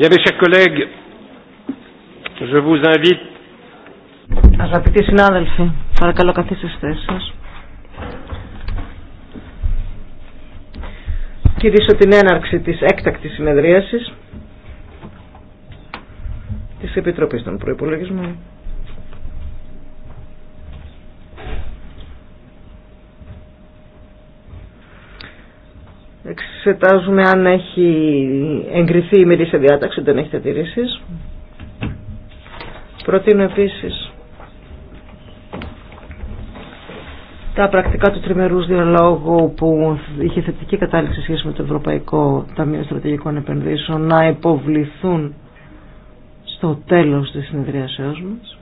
Bien, mes chers collègues, je vous invite. Αγαπητοί συνάδελφοι, παρακαλώ καθίστε στις θέσεις σα. Κηρύσω την έναρξη τη έκτακτη συνεδρίαση τη Επιτροπή των Προπολογισμών. εξετάζουμε αν έχει εγκριθεί η σε διάταξη, δεν έχετε τηρήσεις. Προτείνω επίσης τα πρακτικά του τριμερούς διαλόγου που είχε θετική κατάληξη σχέση με το Ευρωπαϊκό Ταμείο Στρατηγικών Επενδύσεων να υποβληθούν στο τέλος της συνεδριασέως μας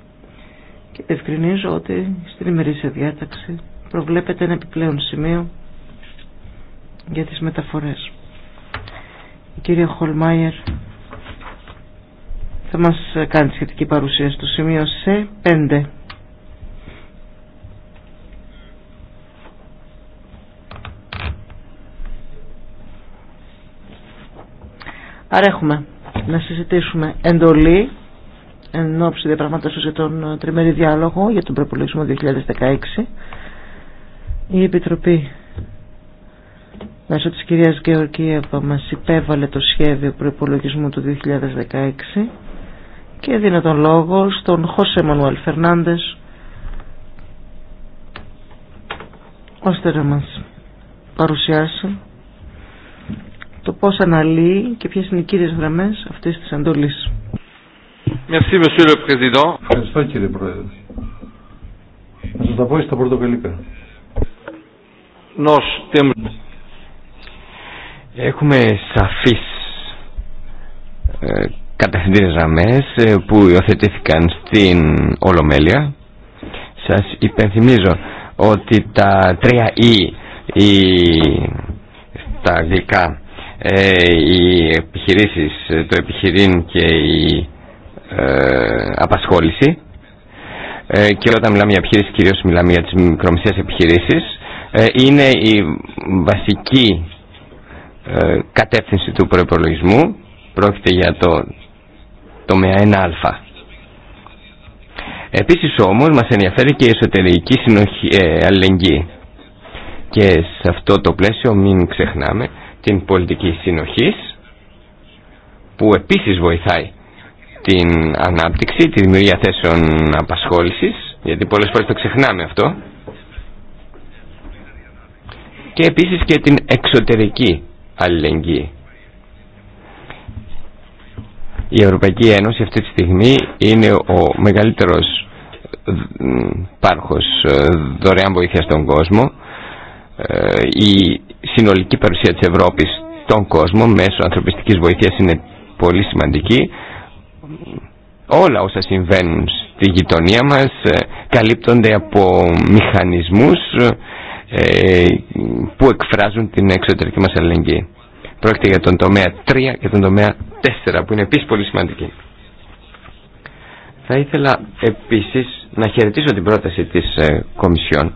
και ευκρινίζω ότι στην ημερήσια διάταξη προβλέπεται ένα επιπλέον σημείο για τις μεταφορές. Η κυρία Χολμάιερ θα μας κάνει σχετική παρουσία στο σημείο c 5. Άρα έχουμε να συζητήσουμε εντολή εν ώψη διαπραγματεύσεως για τον τριμερή διάλογο για τον προπολογισμό 2016. Η Επιτροπή μέσω της κυρίας Γεωργίευα μας υπέβαλε το σχέδιο προϋπολογισμού του 2016 και δίνω τον λόγο στον Χωσέ Μανουέλ Φερνάντες ώστε να μας παρουσιάσει το πώς αναλύει και ποιες είναι οι κύριες γραμμές αυτής της αντολής. Ευχαριστώ κύριε Πρόεδρε. Να σας τα πω στα Έχουμε σαφείς ε, κατευθυντήρες ε, που υιοθετήθηκαν στην Ολομέλεια. Σας υπενθυμίζω ότι τα τρία e η, τα αγγλικά ε, οι επιχειρήσεις, το επιχειρήν και η ε, απασχόληση και όταν μιλάμε για επιχειρήσεις κυρίως μιλάμε για τις μικρομεσαίες επιχειρήσεις είναι η βασική ε, κατεύθυνση του προπολογισμού. Πρόκειται για το τομέα 1α. Επίσης όμως μας ενδιαφέρει και η εσωτερική συνοχή, ε, αλληλεγγύη. Και σε αυτό το πλαίσιο μην ξεχνάμε την πολιτική συνοχής που επίσης βοηθάει την ανάπτυξη, τη δημιουργία θέσεων απασχόλησης γιατί πολλές φορές το ξεχνάμε αυτό και επίσης και την εξωτερική αλληλεγγύη. Η Ευρωπαϊκή Ένωση αυτή τη στιγμή είναι ο μεγαλύτερος πάρχος ε, δωρεάν βοήθεια στον κόσμο. Ε, η συνολική παρουσία της Ευρώπης στον κόσμο μέσω ανθρωπιστικής βοήθειας είναι πολύ σημαντική. Όλα όσα συμβαίνουν στη γειτονία μας ε, καλύπτονται από μηχανισμούς ε, που εκφράζουν την εξωτερική μας αλληλεγγύη. Πρόκειται για τον τομέα 3 και τον τομέα 4 που είναι επίση πολύ σημαντική. Θα ήθελα επίσης να χαιρετήσω την πρόταση της ε, Κομισιόν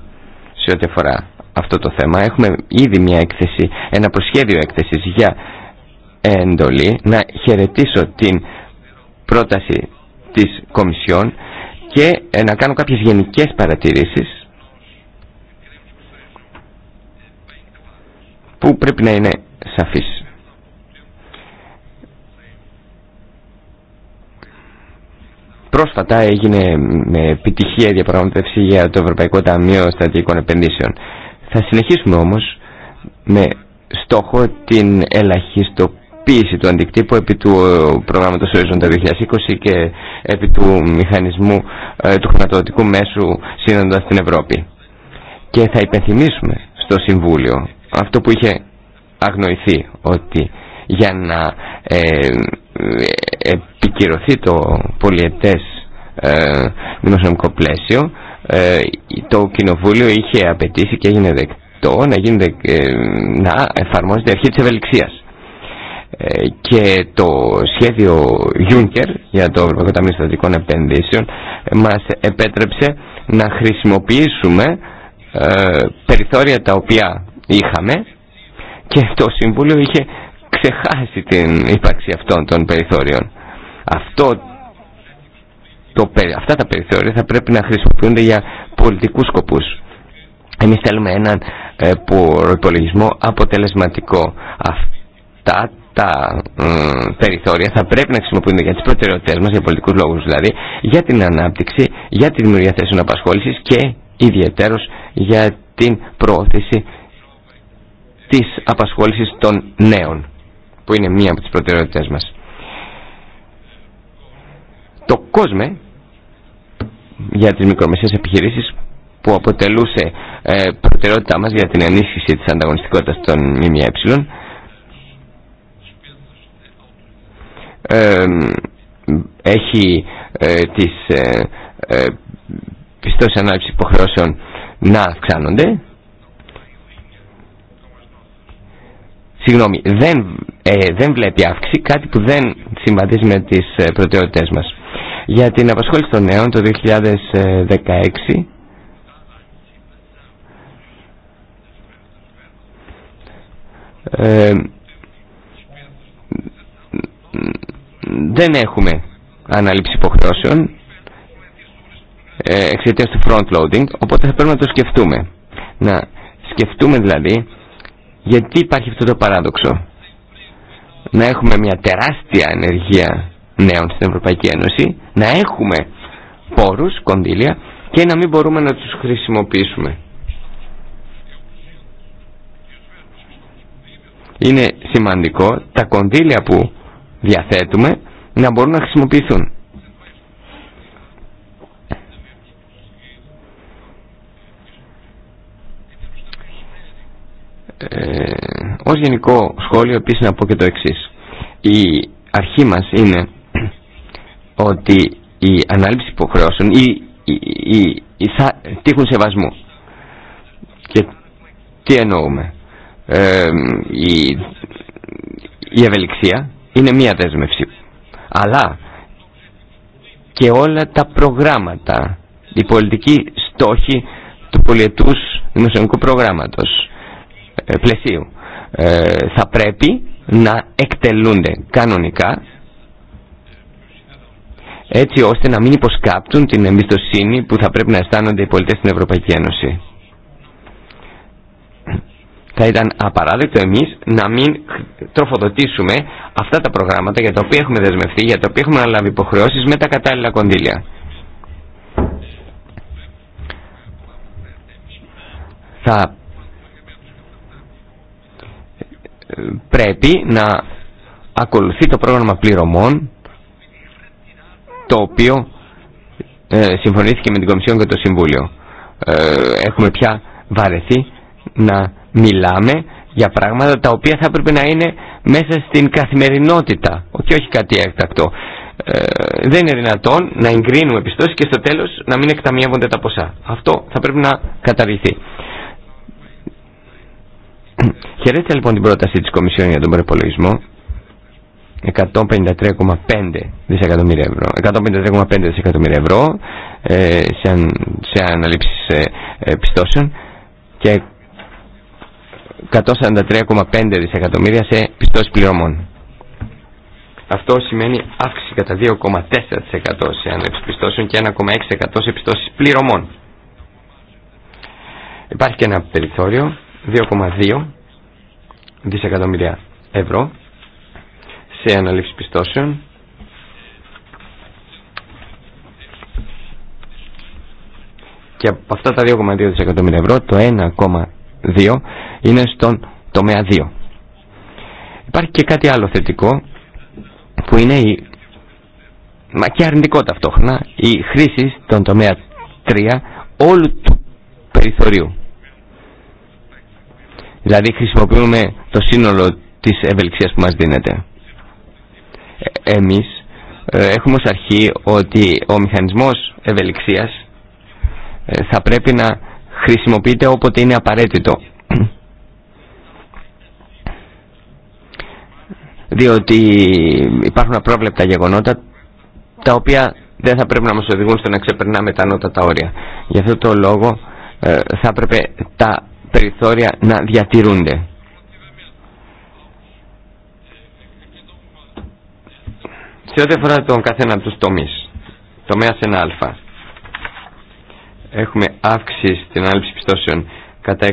σε ό,τι αφορά αυτό το θέμα. Έχουμε ήδη μια έκθεση, ένα προσχέδιο έκθεσης για εντολή. Να χαιρετήσω την πρόταση της Κομισιόν και ε, να κάνω κάποιες γενικές παρατηρήσεις που πρέπει να είναι σαφής. Πρόσφατα έγινε με επιτυχία διαπραγματεύση για το Ευρωπαϊκό Ταμείο Στρατηγικών Επενδύσεων. Θα συνεχίσουμε όμως με στόχο την ελαχιστοποίηση του αντικτύπου επί του ε, προγράμματος Ορίζοντα 2020 και επί του μηχανισμού ε, του χρηματοδοτικού μέσου σύνοντας στην Ευρώπη. Και θα υπενθυμίσουμε στο Συμβούλιο αυτό που είχε αγνοηθεί ότι για να ε, ε επικυρωθεί το πολιετές ε, δημοσιονομικό πλαίσιο ε, το κοινοβούλιο είχε απαιτήσει και έγινε δεκτό να, ε, να εφαρμόζεται η αρχή της ευελιξίας και το σχέδιο Juncker για το Ευρωπαϊκό Ταμείο Στατικών Επενδύσεων μας επέτρεψε να χρησιμοποιήσουμε περιθώρια τα οποία είχαμε και το Συμβούλιο είχε ξεχάσει την ύπαρξη αυτών των περιθώριων. Αυτό, το, αυτά τα περιθώρια θα πρέπει να χρησιμοποιούνται για πολιτικούς σκοπούς. Εμείς θέλουμε έναν ε, προπολογισμό αποτελεσματικό. Αυτά τα περιθώρια θα πρέπει να χρησιμοποιούνται για τις προτεραιότητες μας, για πολιτικούς λόγους δηλαδή, για την ανάπτυξη, για τη δημιουργία θέσεων απασχόλησης και ιδιαίτερος για την προώθηση της απασχόλησης των νέων, που είναι μία από τις προτεραιότητες μας. Το κόσμε για τις μικρομεσαίες επιχειρήσεις που αποτελούσε ε, προτεραιότητά μας για την ενίσχυση της ανταγωνιστικότητας των ΜΜΕ ε, έχει ε, τις ε, ε, πιστώσεις υποχρεώσεων να αυξάνονται συγγνώμη, δεν, ε, δεν βλέπει αύξηση, κάτι που δεν συμβαδίζει με τις ε, προτεραιότητές μας. Για την απασχόληση των νέων το 2016 ε, δεν έχουμε ανάληψη υποχρεώσεων εξαιτίας του front loading, οπότε θα πρέπει να το σκεφτούμε. Να σκεφτούμε δηλαδή γιατί υπάρχει αυτό το παράδοξο. Να έχουμε μια τεράστια ενεργεία νέων στην Ευρωπαϊκή Ένωση, να έχουμε πόρους, κονδύλια και να μην μπορούμε να τους χρησιμοποιήσουμε. Είναι σημαντικό τα κονδύλια που διαθέτουμε να μπορούν να χρησιμοποιηθούν. Ε, ως γενικό σχόλιο επίσης να πω και το εξής. Η αρχή μας είναι ότι η ανάληψη υποχρεώσεων ή, ή, ή, ή θα, τύχουν σεβασμού. Και τι εννοούμε. Ε, η, η ευελιξία είναι μία δέσμευση. Αλλά και όλα τα προγράμματα, η πολιτική στόχη του πολιετούς δημοσιονομικού προγράμματος ε, πλαισίου ε, θα πρέπει να εκτελούνται κανονικά έτσι ώστε να μην υποσκάπτουν την εμπιστοσύνη που θα πρέπει να αισθάνονται οι πολίτες στην Ευρωπαϊκή Ένωση. Θα ήταν απαράδεκτο εμείς να μην τροφοδοτήσουμε αυτά τα προγράμματα για τα οποία έχουμε δεσμευτεί, για τα οποία έχουμε αναλάβει υποχρεώσεις με τα κατάλληλα κονδύλια. Θα πρέπει να ακολουθεί το πρόγραμμα πληρωμών το οποίο ε, συμφωνήθηκε με την Κομισιόν και το Συμβούλιο. Ε, έχουμε πια βαρεθεί να μιλάμε για πράγματα τα οποία θα έπρεπε να είναι μέσα στην καθημερινότητα και όχι κάτι έκτακτο. Ε, δεν είναι δυνατόν να εγκρίνουμε πιστώσεις και στο τέλος να μην εκταμιεύονται τα ποσά. Αυτό θα πρέπει να καταργηθεί. Χαιρέτησα λοιπόν την πρόταση της Κομισιόν για τον προπολογισμό 153,5 δισεκατομμύρια ευρώ 153,5 δισεκατομμύρια ευρώ ε, σε, αν, σε αναλήψεις ε, ε, πιστώσεων και 143,5 δισεκατομμύρια σε πιστώσεις πληρωμών. Αυτό σημαίνει αύξηση κατά 2,4% σε αναλήψεις πιστώσεων και 1,6% σε πιστώσεις πληρωμών. Υπάρχει και ένα περιθώριο 2,2 δισεκατομμύρια ευρώ σε αναλήψεις πιστώσεων και από αυτά τα 2,2 δισεκατομμύρια ευρώ το 1,2 είναι στον τομέα 2 υπάρχει και κάτι άλλο θετικό που είναι η μα και αρνητικό ταυτόχρονα η χρήση στον τομέα 3 όλου του περιθωρίου Δηλαδή χρησιμοποιούμε το σύνολο της ευελιξίας που μας δίνεται. Ε, εμείς ε, έχουμε ως αρχή ότι ο μηχανισμός ευελιξίας ε, θα πρέπει να χρησιμοποιείται όποτε είναι απαραίτητο. Διότι υπάρχουν απρόβλεπτα γεγονότα τα οποία δεν θα πρέπει να μας οδηγούν στο να ξεπερνάμε τα ανώτατα όρια. Γι' αυτό το λόγο θα έπρεπε τα περιθώρια να διατηρούνται. Σε ό,τι αφορά τον καθένα από τους τομείς, τομέας 1α, έχουμε αύξηση στην άλυψη πιστώσεων κατά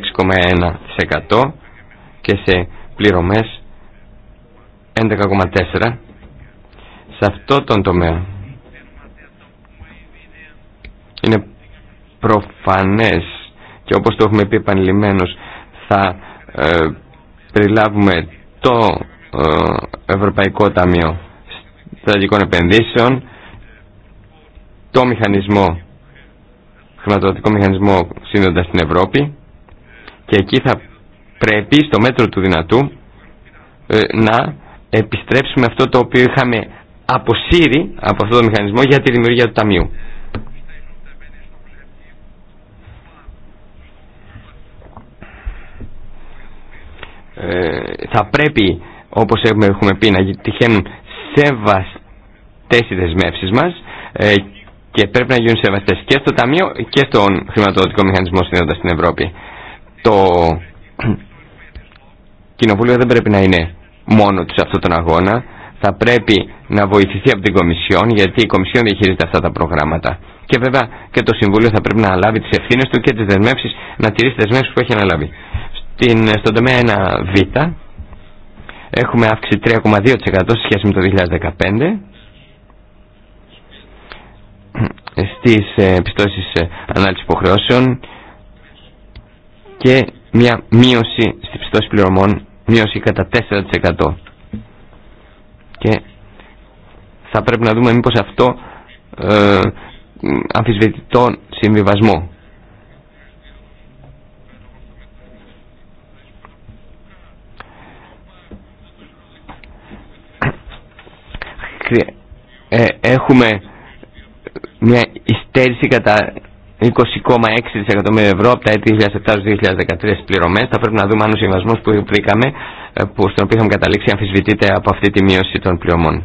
6,1% και σε πληρωμές 11,4%. Σε αυτό τον τομέα είναι προφανές και όπως το έχουμε πει επανειλημμένως θα ε, περιλάβουμε το ε, Ευρωπαϊκό Ταμείο Στρατηγικών Επενδύσεων το μηχανισμό χρηματοδοτικό μηχανισμό σύνδοντας στην Ευρώπη και εκεί θα πρέπει στο μέτρο του δυνατού ε, να επιστρέψουμε αυτό το οποίο είχαμε αποσύρει από αυτό το μηχανισμό για τη δημιουργία του Ταμείου. Ε, θα πρέπει, όπως έχουμε πει, να τυχαίνουν σεβαστές οι δεσμεύσεις μας ε, και πρέπει να γίνουν σεβαστές και στο Ταμείο και στον χρηματοδοτικό μηχανισμό συνέντας στην Ευρώπη. Το Κοινοβούλιο δεν πρέπει να είναι μόνο του σε αυτόν τον αγώνα. Θα πρέπει να βοηθηθεί από την Κομισιόν, γιατί η Κομισιόν διαχειρίζεται αυτά τα προγράμματα. Και βέβαια και το Συμβούλιο θα πρέπει να αναλάβει τι ευθύνε του και τι δεσμεύσει, να τηρήσει τι δεσμεύσει που έχει αναλάβει. Στην, στον τομέα 1β έχουμε αύξηση 3,2% σε σχέση με το 2015 στις ε, πιστώσεις ε, ανάλυσης υποχρεώσεων και μια μείωση στη πιστώσεις πληρωμών, μείωση κατά 4%. Και θα πρέπει να δούμε μήπως αυτό ε, αμφισβητητό συμβιβασμό Ε, έχουμε μια υστέρηση κατά 20,6 δισεκατομμύρια ευρώ από τα έτη 2007-2013 πληρωμές. Θα πρέπει να δούμε αν ο συμβασμό που βρήκαμε, ε, που στον οποίο είχαμε καταλήξει, αμφισβητείται από αυτή τη μείωση των πληρωμών.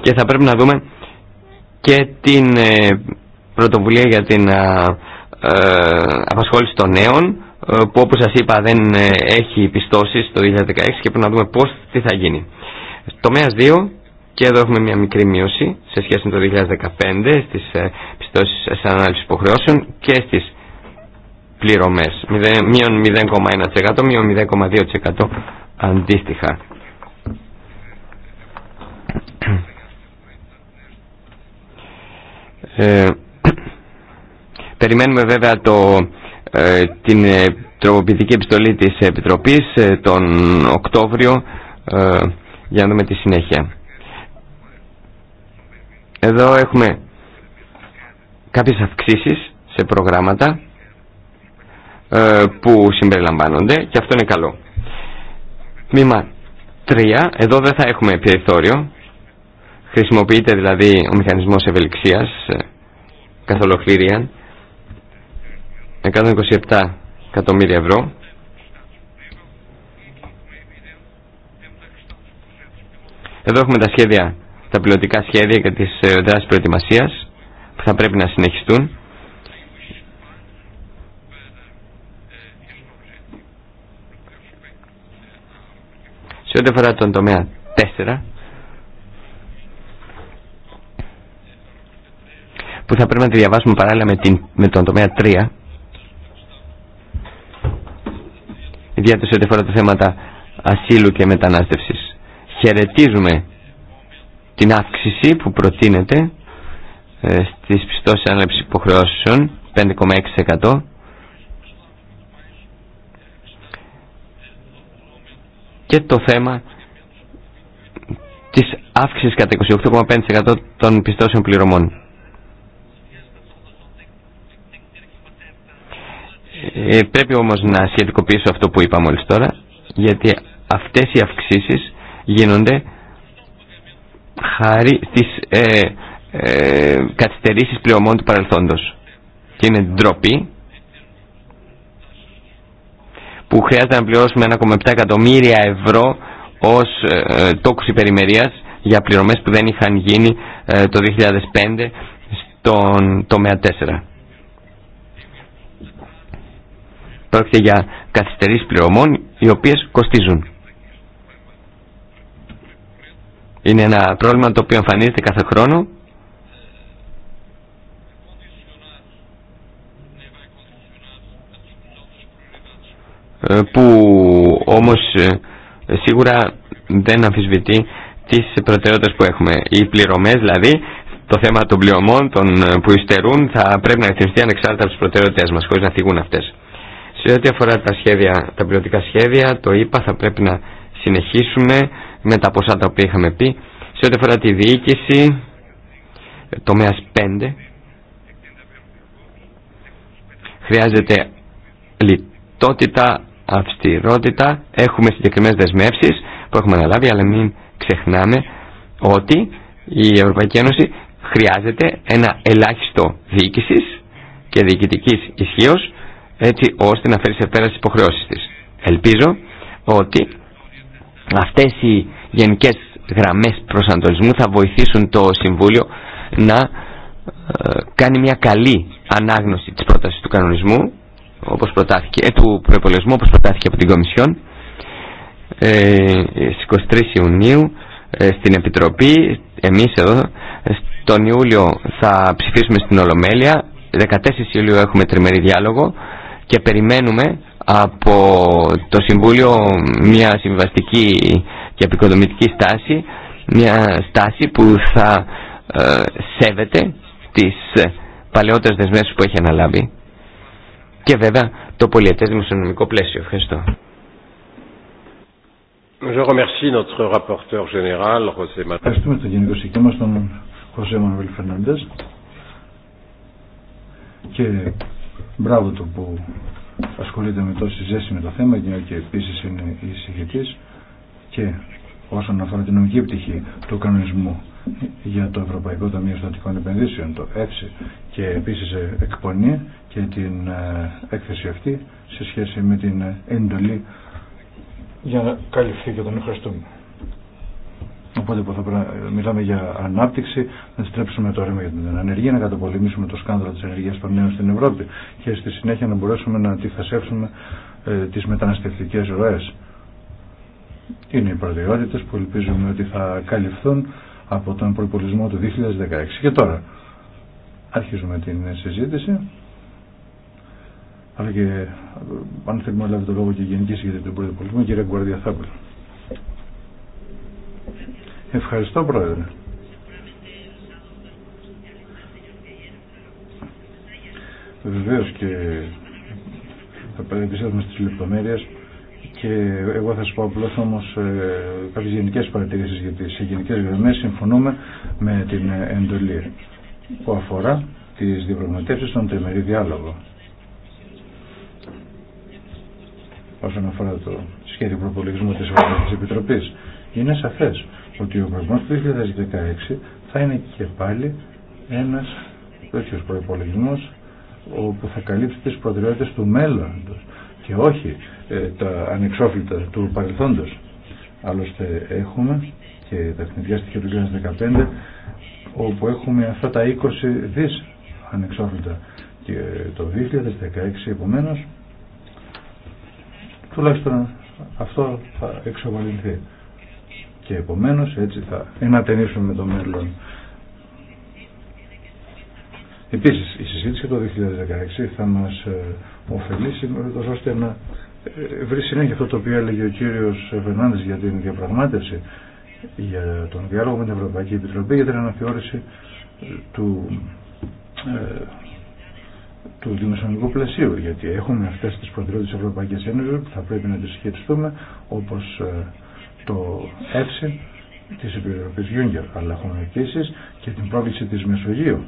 Και θα πρέπει να δούμε και την ε, πρωτοβουλία για την απασχόληση των νέων ε, που όπως σας είπα δεν ε, έχει πιστώσεις το 2016 και πρέπει να δούμε πώς, τι θα γίνει. Τομέας 2 και εδώ έχουμε μια μικρή μείωση σε σχέση με το 2015 στις ε, πιστώσεις σε ανάλυση υποχρεώσεων και στις πληρωμές. Μείον 0,1%, μείον 0,2% αντίστοιχα. Ε, περιμένουμε βέβαια το ε, την ε, τροποποιητική επιστολή της Επιτροπής ε, τον Οκτώβριο για να δούμε τη συνέχεια. Εδώ έχουμε κάποιες αυξήσεις σε προγράμματα που συμπεριλαμβάνονται και αυτό είναι καλό. Μήμα 3, εδώ δεν θα έχουμε περιθώριο. Χρησιμοποιείται δηλαδή ο μηχανισμός ευελιξίας καθ' 127 εκατομμύρια ευρώ Εδώ έχουμε τα σχέδια, τα πιλωτικά σχέδια και τις ε, δράσεις προετοιμασίας που θα πρέπει να συνεχιστούν. Σε ό,τι αφορά τον τομέα 4 που θα πρέπει να τη διαβάσουμε παράλληλα με, με τον τομέα 3 ιδιαίτερα σε ό,τι αφορά τα θέματα ασύλου και μετανάστευσης. Χαιρετίζουμε την αύξηση που προτείνεται ε, στις πιστώσεις άναληψης υποχρεώσεων 5,6% και το θέμα της αύξησης κατά 28,5% των πιστώσεων πληρωμών. Ε, πρέπει όμως να σχετικοποιήσω αυτό που είπα μόλις τώρα, γιατί αυτές οι αυξήσεις γίνονται χάρη στις ε, ε, πληρωμών του παρελθόντος. Και είναι ντροπή που χρειάζεται να πληρώσουμε 1,7 εκατομμύρια ευρώ ως ε, τόκους υπερημερίας για πληρωμές που δεν είχαν γίνει ε, το 2005 στον τομέα 4. Πρόκειται για καθυστερήσεις πληρωμών οι οποίες κοστίζουν. Είναι ένα πρόβλημα το οποίο εμφανίζεται κάθε χρόνο. Ε, που όμως ε, σίγουρα δεν αμφισβητεί τις προτεραιότητες που έχουμε. Οι πληρωμές δηλαδή, το θέμα των πληρωμών των, ε, που υστερούν θα πρέπει να ρυθμιστεί ανεξάρτητα από τις προτεραιότητες μας, χωρίς να θυγούν αυτές. Σε ό,τι αφορά τα, σχέδια, τα σχέδια, το είπα, θα πρέπει να συνεχίσουμε με τα ποσά τα οποία είχαμε πει. Σε ό,τι αφορά τη διοίκηση, τομέας 5, χρειάζεται λιτότητα, αυστηρότητα, έχουμε συγκεκριμένες δεσμεύσει που έχουμε αναλάβει, αλλά μην ξεχνάμε ότι η Ευρωπαϊκή Ένωση χρειάζεται ένα ελάχιστο διοίκησης και διοικητικής ισχύω έτσι ώστε να φέρει σε πέρα τι υποχρεώσει τη. Ελπίζω ότι αυτέ οι γενικέ γραμμέ προσανατολισμού θα βοηθήσουν το Συμβούλιο να ε, κάνει μια καλή ανάγνωση τη πρόταση του κανονισμού όπως προτάθηκε, ε, του προπολογισμού όπως προτάθηκε από την Κομισιόν ε, στις 23 Ιουνίου ε, στην Επιτροπή εμείς εδώ ε, τον Ιούλιο θα ψηφίσουμε στην Ολομέλεια 14 Ιουλίου έχουμε τριμερή διάλογο και περιμένουμε από το Συμβούλιο μια συμβαστική και επικοδομητική στάση, μια στάση που θα ε, σέβεται τις ε, παλαιότερες δεσμεύσεις που έχει αναλάβει και βέβαια το πολιετές δημοσιονομικό πλαίσιο. Ευχαριστώ. Je remercie Ευχαριστούμε τον και Μπράβο του που ασχολείται με τόση ζέση με το θέμα και επίσης είναι εισηγητής και όσον αφορά την νομική πτυχή του κανονισμού για το Ευρωπαϊκό Ταμείο Στατικών Επενδύσεων, το ΕΦΣΙ, και επίσης ε, εκπονεί και την ε, έκθεση αυτή σε σχέση με την ε, εντολή για να καλυφθεί και τον ευχαριστούμε. Οπότε που θα ε, μιλάμε για ανάπτυξη, να στρέψουμε το ρήμα για την ανεργία, να καταπολεμήσουμε το σκάνδαλο της ενεργείας των νέων στην Ευρώπη και στη συνέχεια να μπορέσουμε να αντιθασέψουμε ε, τις μεταναστευτικές ροές. Είναι οι προτεραιότητες που ελπίζουμε ότι θα καλυφθούν από τον προπολισμό του 2016. Και τώρα αρχίζουμε την συζήτηση. Αλλά και ε, αν θέλουμε να λάβει το λόγο και η Γενική Συγκεκριτή του Πρωθυπουργού, κυρία Ευχαριστώ Πρόεδρε. Βεβαίως και θα επιστρέψουμε στις λεπτομέρειες και εγώ θα σας πω απλώ όμως ε, κάποιες γενικές παρατηρήσεις γιατί σε γενικές γραμμές συμφωνούμε με την εντολή που αφορά τις διαπραγματεύσεις στον τριμερή διάλογο. Όσον αφορά το σχέδιο προπολογισμού της Ευρωπαϊκής Επιτροπής είναι σαφές ότι ο βασμός του 2016 θα είναι και πάλι ένας τέτοιος προϋπολογισμός που θα καλύψει τις προτεραιότητες του μέλλοντος και όχι ε, τα ανεξόφλητα του παρελθόντος. Άλλωστε έχουμε και τα εθνικά στοιχεία του 2015 όπου έχουμε αυτά τα 20 δις ανεξόφλητα και το 2016 επομένως τουλάχιστον αυτό θα εξοβαλυνθεί και επομένως έτσι θα ενατενίσουμε το μέλλον. Επίσης η συζήτηση το 2016 θα μας ε, ωφελήσει ώστε να ε, βρει συνέχεια αυτό το οποίο έλεγε ο κύριος Βερνάντης για την διαπραγμάτευση για τον διάλογο με την Ευρωπαϊκή Επιτροπή για την αναθεώρηση ε, του, του δημοσιονομικού πλαισίου γιατί έχουμε αυτές τις προτεραιότητες της Ευρωπαϊκής Ένωσης που θα πρέπει να τις σχετιστούμε όπως το ΕΦΣΙ της Επιτροπής Γιούγκερ, αλλά έχουμε επίση και την πρόκληση της Μεσογείου.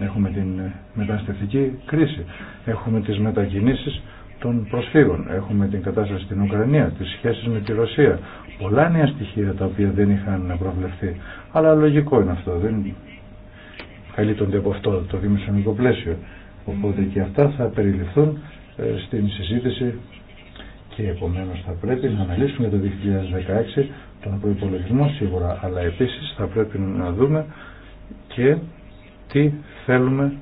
Έχουμε την μεταναστευτική κρίση, έχουμε τις μετακινήσεις των προσφύγων, έχουμε την κατάσταση στην Ουκρανία, τις σχέσεις με τη Ρωσία, πολλά νέα στοιχεία τα οποία δεν είχαν προβλεφθεί. Αλλά λογικό είναι αυτό, δεν καλύπτονται από αυτό το δημοσιονομικό πλαίσιο. Οπότε και αυτά θα περιληφθούν ε, στην συζήτηση και επομένως θα πρέπει να αναλύσουμε για το 2016 τον προϋπολογισμό σίγουρα αλλά επίσης θα πρέπει να δούμε και τι θέλουμε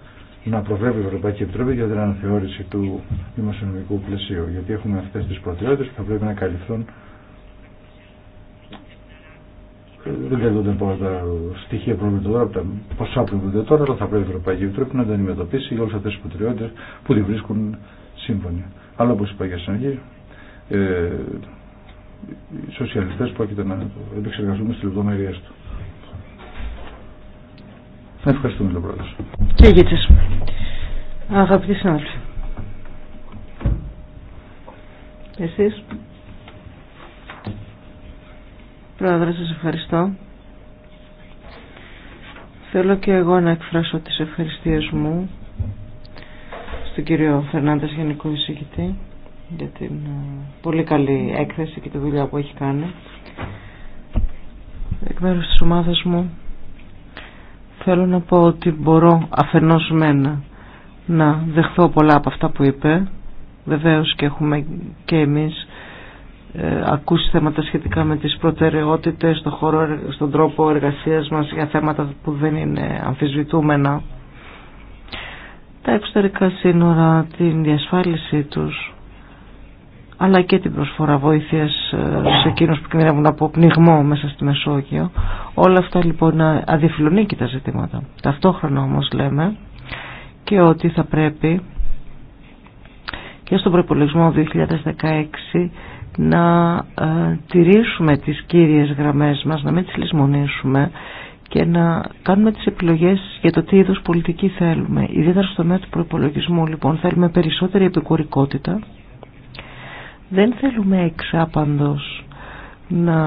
να προβλέπει η Ευρωπαϊκή Επιτροπή για την αναθεώρηση του δημοσιονομικού πλαισίου γιατί έχουμε αυτές τις προτεραιότητες που θα πρέπει να καλυφθούν δεν καλύπτονται από τα στοιχεία προβλήματα τώρα, από τα ποσά τώρα, αλλά θα πρέπει η Ευρωπαϊκή Επιτροπή να τα αντιμετωπίσει για όλε αυτέ τι προτεραιότητε που τη βρίσκουν σύμφωνοι. Αλλά όπω είπα στην αρχή, ε, οι σοσιαλιστές πρόκειται να επεξεργαστούμε στις λεπτομέρειες του. Ευχαριστούμε τον πρόεδρο. Και Γίτσες, αγαπητοί συνάδελφοι. Εσείς. Πρόεδρε, σας ευχαριστώ. Θέλω και εγώ να εκφράσω τις ευχαριστίες μου στον κύριο Φερνάντας Γενικό Εισηγητή για την ε, πολύ καλή έκθεση και τη δουλειά που έχει κάνει. Εκ μέρου της μου θέλω να πω ότι μπορώ αφενός μένα να δεχθώ πολλά από αυτά που είπε. Βεβαίως και έχουμε και εμείς ε, ακούσει θέματα σχετικά με τις προτεραιότητες στο χώρο, στον τρόπο εργασίας μας για θέματα που δεν είναι αμφισβητούμενα. Τα εξωτερικά σύνορα, την διασφάλιση τους, αλλά και την προσφορά βοήθειας ε, σε εκείνους που κινδυνεύουν από πνιγμό μέσα στη Μεσόγειο. Όλα αυτά λοιπόν αδιαφιλονίκη τα ζητήματα. Ταυτόχρονα όμως λέμε και ότι θα πρέπει και στον προπολογισμό 2016 να ε, τηρήσουμε τις κύριες γραμμές μας, να μην τις λησμονήσουμε και να κάνουμε τις επιλογές για το τι είδους πολιτική θέλουμε. Ιδιαίτερα στο τομέα του προπολογισμού λοιπόν θέλουμε περισσότερη επικουρικότητα δεν θέλουμε εξάπαντος να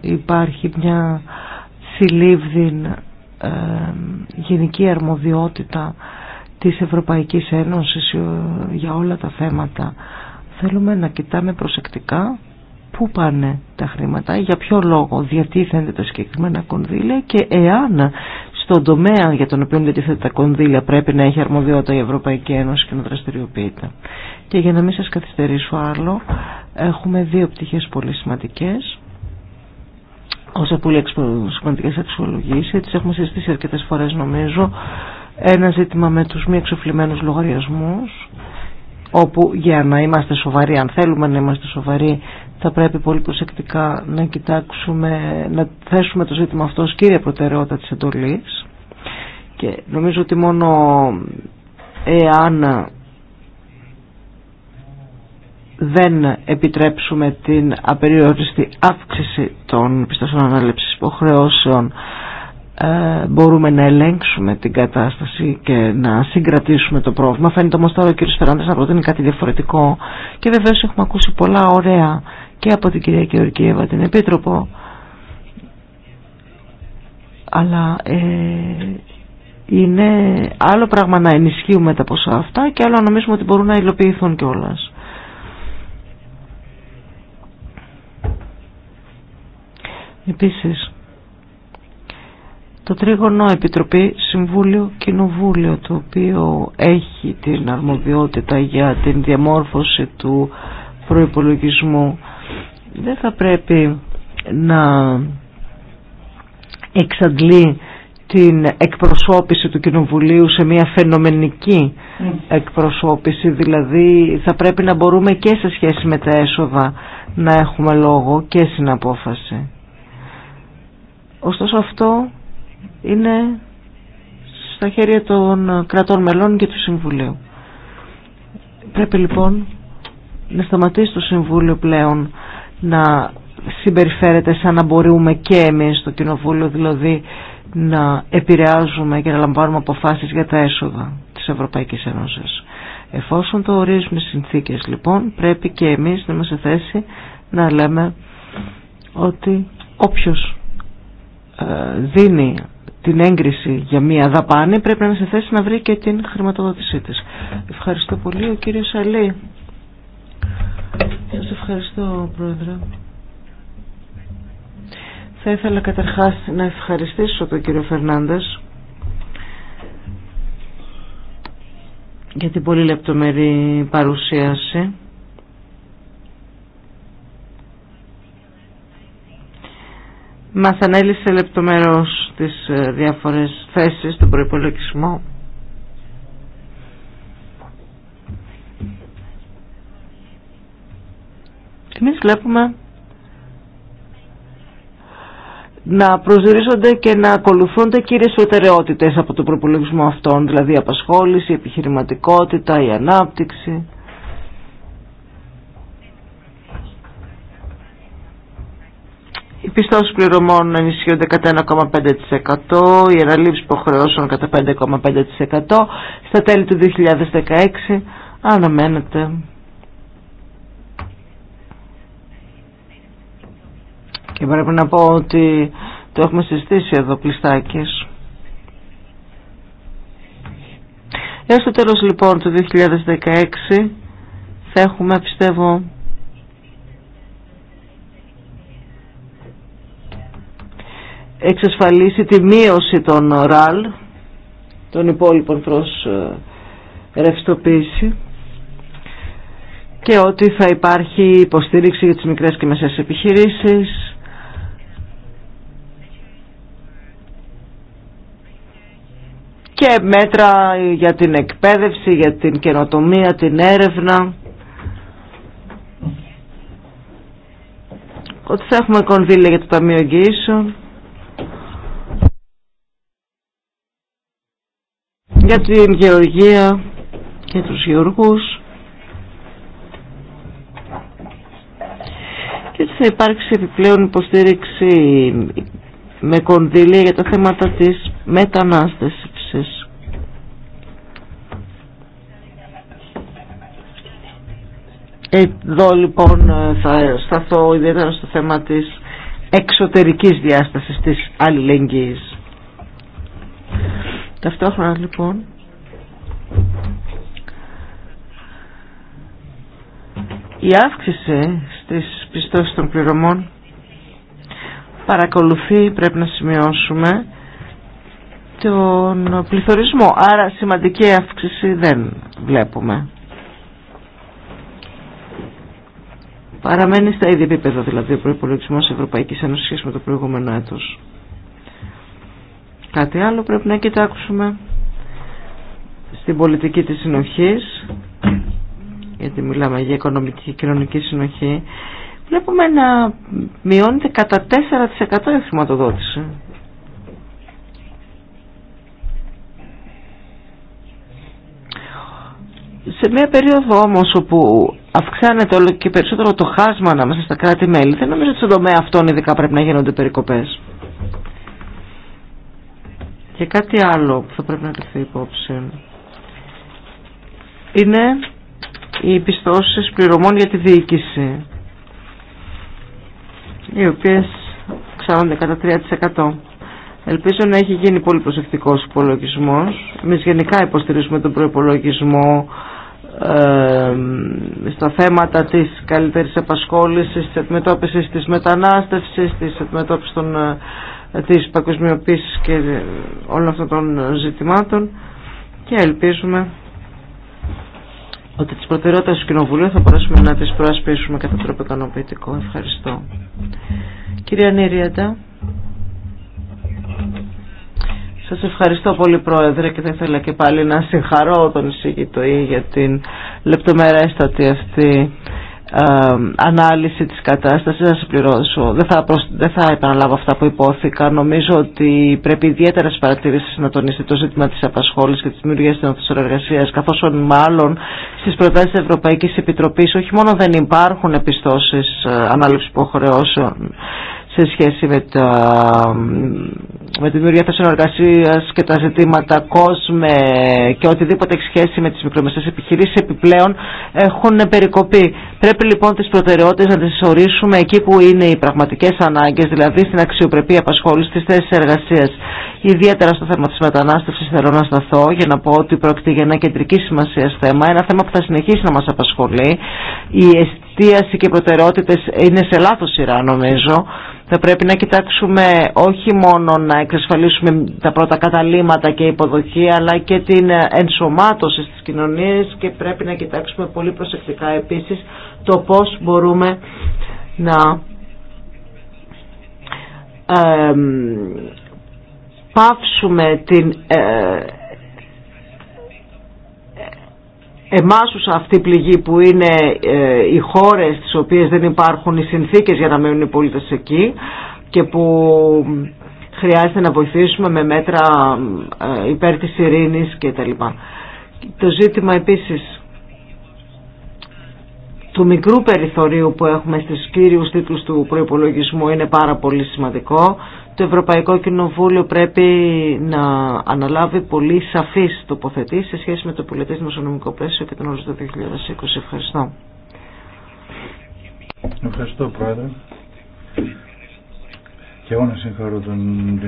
υπάρχει μια συλλήβδην γενική αρμοδιότητα της Ευρωπαϊκής Ένωσης ε, για όλα τα θέματα. Θέλουμε να κοιτάμε προσεκτικά πού πάνε τα χρήματα, για ποιο λόγο διατίθενται τα συγκεκριμένα κονδύλια και εάν στον τομέα για τον οποίο διατίθενται τα κονδύλια πρέπει να έχει αρμοδιότητα η Ευρωπαϊκή Ένωση και να δραστηριοποιείται. Και για να μην σας καθυστερήσω άλλο, έχουμε δύο πτυχές πολύ σημαντικές. Όσα πολύ σημαντικές αξιολογήσει. τις έχουμε συζητήσει αρκετές φορές νομίζω, ένα ζήτημα με τους μη εξοφλημένους λογαριασμούς, όπου για να είμαστε σοβαροί, αν θέλουμε να είμαστε σοβαροί, θα πρέπει πολύ προσεκτικά να κοιτάξουμε, να θέσουμε το ζήτημα αυτό ως κύρια προτεραιότητα της εντολής. Και νομίζω ότι μόνο εάν δεν επιτρέψουμε την απεριόριστη αύξηση των πιστωσών ανάληψης υποχρεώσεων ε, μπορούμε να ελέγξουμε την κατάσταση και να συγκρατήσουμε το πρόβλημα. Φαίνεται όμως τώρα ο κ. Φεράντας να προτείνει κάτι διαφορετικό και βεβαίως έχουμε ακούσει πολλά ωραία και από την κυρία Κεωργίευα την Επίτροπο αλλά ε, είναι άλλο πράγμα να ενισχύουμε τα ποσά αυτά και άλλο να νομίζουμε ότι μπορούν να υλοποιηθούν κιόλα. Επίσης, το τρίγωνο Επιτροπή Συμβούλιο Κοινοβούλιο το οποίο έχει την αρμοδιότητα για την διαμόρφωση του προϋπολογισμού δεν θα πρέπει να εξαντλεί την εκπροσώπηση του Κοινοβουλίου σε μια φαινομενική mm. εκπροσώπηση δηλαδή θα πρέπει να μπορούμε και σε σχέση με τα έσοδα να έχουμε λόγο και στην απόφαση. Ωστόσο αυτό είναι στα χέρια των κρατών μελών και του Συμβουλίου. Πρέπει λοιπόν να σταματήσει το Συμβούλιο πλέον να συμπεριφέρεται σαν να μπορούμε και εμείς στο Κοινοβούλιο δηλαδή να επηρεάζουμε και να λαμβάνουμε αποφάσεις για τα έσοδα της Ευρωπαϊκής Ένωσης. Εφόσον το ορίζουμε οι συνθήκες λοιπόν πρέπει και εμείς να είμαστε θέση να λέμε ότι όποιος ε, δίνει την έγκριση για μία δαπάνη πρέπει να είναι σε θέση να βρει και την χρηματοδότησή της. Ευχαριστώ πολύ. Ο κύριος Αλή. Σας ευχαριστώ πρόεδρε. Θα ήθελα καταρχάς να ευχαριστήσω τον κύριο Φερνάνδες για την πολύ λεπτομερή παρουσίαση μας ανέλησε λεπτομερώς τις ε, διάφορες θέσεις του προϋπολογισμού. Εμείς βλέπουμε να προσδιορίζονται και να ακολουθούνται κύριες εταιρεότητε από τον προπολογισμό αυτών, δηλαδή απασχόληση, επιχειρηματικότητα, η ανάπτυξη. Οι πιστώσεις πληρωμών ενισχύονται κατά 1,5%, οι εραλήψεις υποχρεώσεων κατά 5,5%. Στα τέλη του 2016 αναμένεται Και πρέπει να πω ότι το έχουμε συστήσει εδώ πλειστάκες. Έως το τέλος λοιπόν του 2016 θα έχουμε πιστεύω εξασφαλίσει τη μείωση των ραλ των υπόλοιπων προς ε, ρευστοποίηση και ότι θα υπάρχει υποστήριξη για τις μικρές και μεσές επιχειρήσεις και μέτρα για την εκπαίδευση, για την καινοτομία, την έρευνα ότι θα έχουμε κονδύλια για το Ταμείο Εγγύησεων για την γεωργία και τους γεωργούς και ότι θα υπάρξει επιπλέον υποστήριξη με κονδύλια για τα θέματα της μετανάστευσης. Εδώ λοιπόν θα σταθώ ιδιαίτερα στο θέμα της εξωτερικής διάστασης της αλληλεγγύης. Ταυτόχρονα λοιπόν η αύξηση στις πιστώσεις των πληρωμών παρακολουθεί πρέπει να σημειώσουμε τον πληθωρισμό άρα σημαντική αύξηση δεν βλέπουμε παραμένει στα ίδια επίπεδα δηλαδή ο προϋπολογισμός Ευρωπαϊκής Ένωσης με το προηγούμενο έτος Κάτι άλλο πρέπει να κοιτάξουμε στην πολιτική της συνοχής γιατί μιλάμε για οικονομική και κοινωνική συνοχή βλέπουμε να μειώνεται κατά 4% η χρηματοδότηση. Σε μια περίοδο όμως όπου αυξάνεται όλο και περισσότερο το χάσμα ανάμεσα στα κράτη-μέλη δεν νομίζω ότι στον τομέα αυτών ειδικά πρέπει να γίνονται περικοπές. Και κάτι άλλο που θα πρέπει να ληφθεί υπόψη είναι οι πιστώσεις πληρωμών για τη διοίκηση οι οποίες ξαρώνται κατά 3%. Ελπίζω να έχει γίνει πολύ προσεκτικός υπολογισμός. Εμεί γενικά υποστηρίζουμε τον προϋπολογισμό στα θέματα της καλύτερης επασχόλησης, της αντιμετώπισης της μετανάστευσης, της αντιμετώπισης των ε, της παγκοσμιοποίησης και όλων αυτών των ζητημάτων και ελπίζουμε ότι τις προτεραιότητες του Κοινοβουλίου θα μπορέσουμε να τις προασπίσουμε κατά τρόπο ικανοποιητικό. Ευχαριστώ. Κυρία Νίριαντα, σας ευχαριστώ πολύ Πρόεδρε και θα ήθελα και πάλι να συγχαρώ τον εισηγητή για την λεπτομερέστατη αυτή ε, ανάλυση της κατάστασης θα συμπληρώσω δεν θα, επαναλάβω αυτά που υπόθηκα νομίζω ότι πρέπει ιδιαίτερα στις παρατηρήσεις να τονίσετε το ζήτημα της απασχόλησης και της δημιουργίας της θέσεων καθώς μάλλον στις προτάσεις της Ευρωπαϊκής Επιτροπής όχι μόνο δεν υπάρχουν επιστώσεις ε, ανάληψης υποχρεώσεων σε σχέση με, με τη δημιουργία θέσεων εργασία και τα ζητήματα κόσμε και οτιδήποτε έχει σχέση με τις μικρομεσαίες επιχειρήσεις επιπλέον έχουν περικοπεί. Πρέπει λοιπόν τις προτεραιότητες να τις ορίσουμε εκεί που είναι οι πραγματικές ανάγκες, δηλαδή στην αξιοπρεπή απασχόληση της θέσης εργασίας. Ιδιαίτερα στο θέμα της μετανάστευσης θέλω να σταθώ για να πω ότι πρόκειται για ένα κεντρική σημασία θέμα, ένα θέμα που θα συνεχίσει να μας απασχολεί. Η εστίαση και προτεραιότητες είναι σε λάθος σειρά νομίζω. Θα πρέπει να κοιτάξουμε όχι μόνο να εξασφαλίσουμε τα πρώτα καταλήματα και υποδοχή αλλά και την ενσωμάτωση στις κοινωνίες και πρέπει να κοιτάξουμε πολύ προσεκτικά επίσης το πώς μπορούμε να ε, την τους αυτή πληγή που είναι ε, οι χώρες στις οποίες δεν υπάρχουν οι συνθήκες για να μένουν οι πολίτες εκεί και που χρειάζεται να βοηθήσουμε με μέτρα ε, υπέρ της ειρήνης κτλ. Το ζήτημα επίσης του μικρού περιθωρίου που έχουμε στις κύριους τίτλους του προϋπολογισμού είναι πάρα πολύ σημαντικό το Ευρωπαϊκό Κοινοβούλιο πρέπει να αναλάβει πολύ σαφή τοποθετήσεις σε σχέση με το πολιτές νομικό πλαίσιο και τον όλο του 2020. Ευχαριστώ. Ευχαριστώ Πρόεδρε. Και εγώ να συγχαρώ τον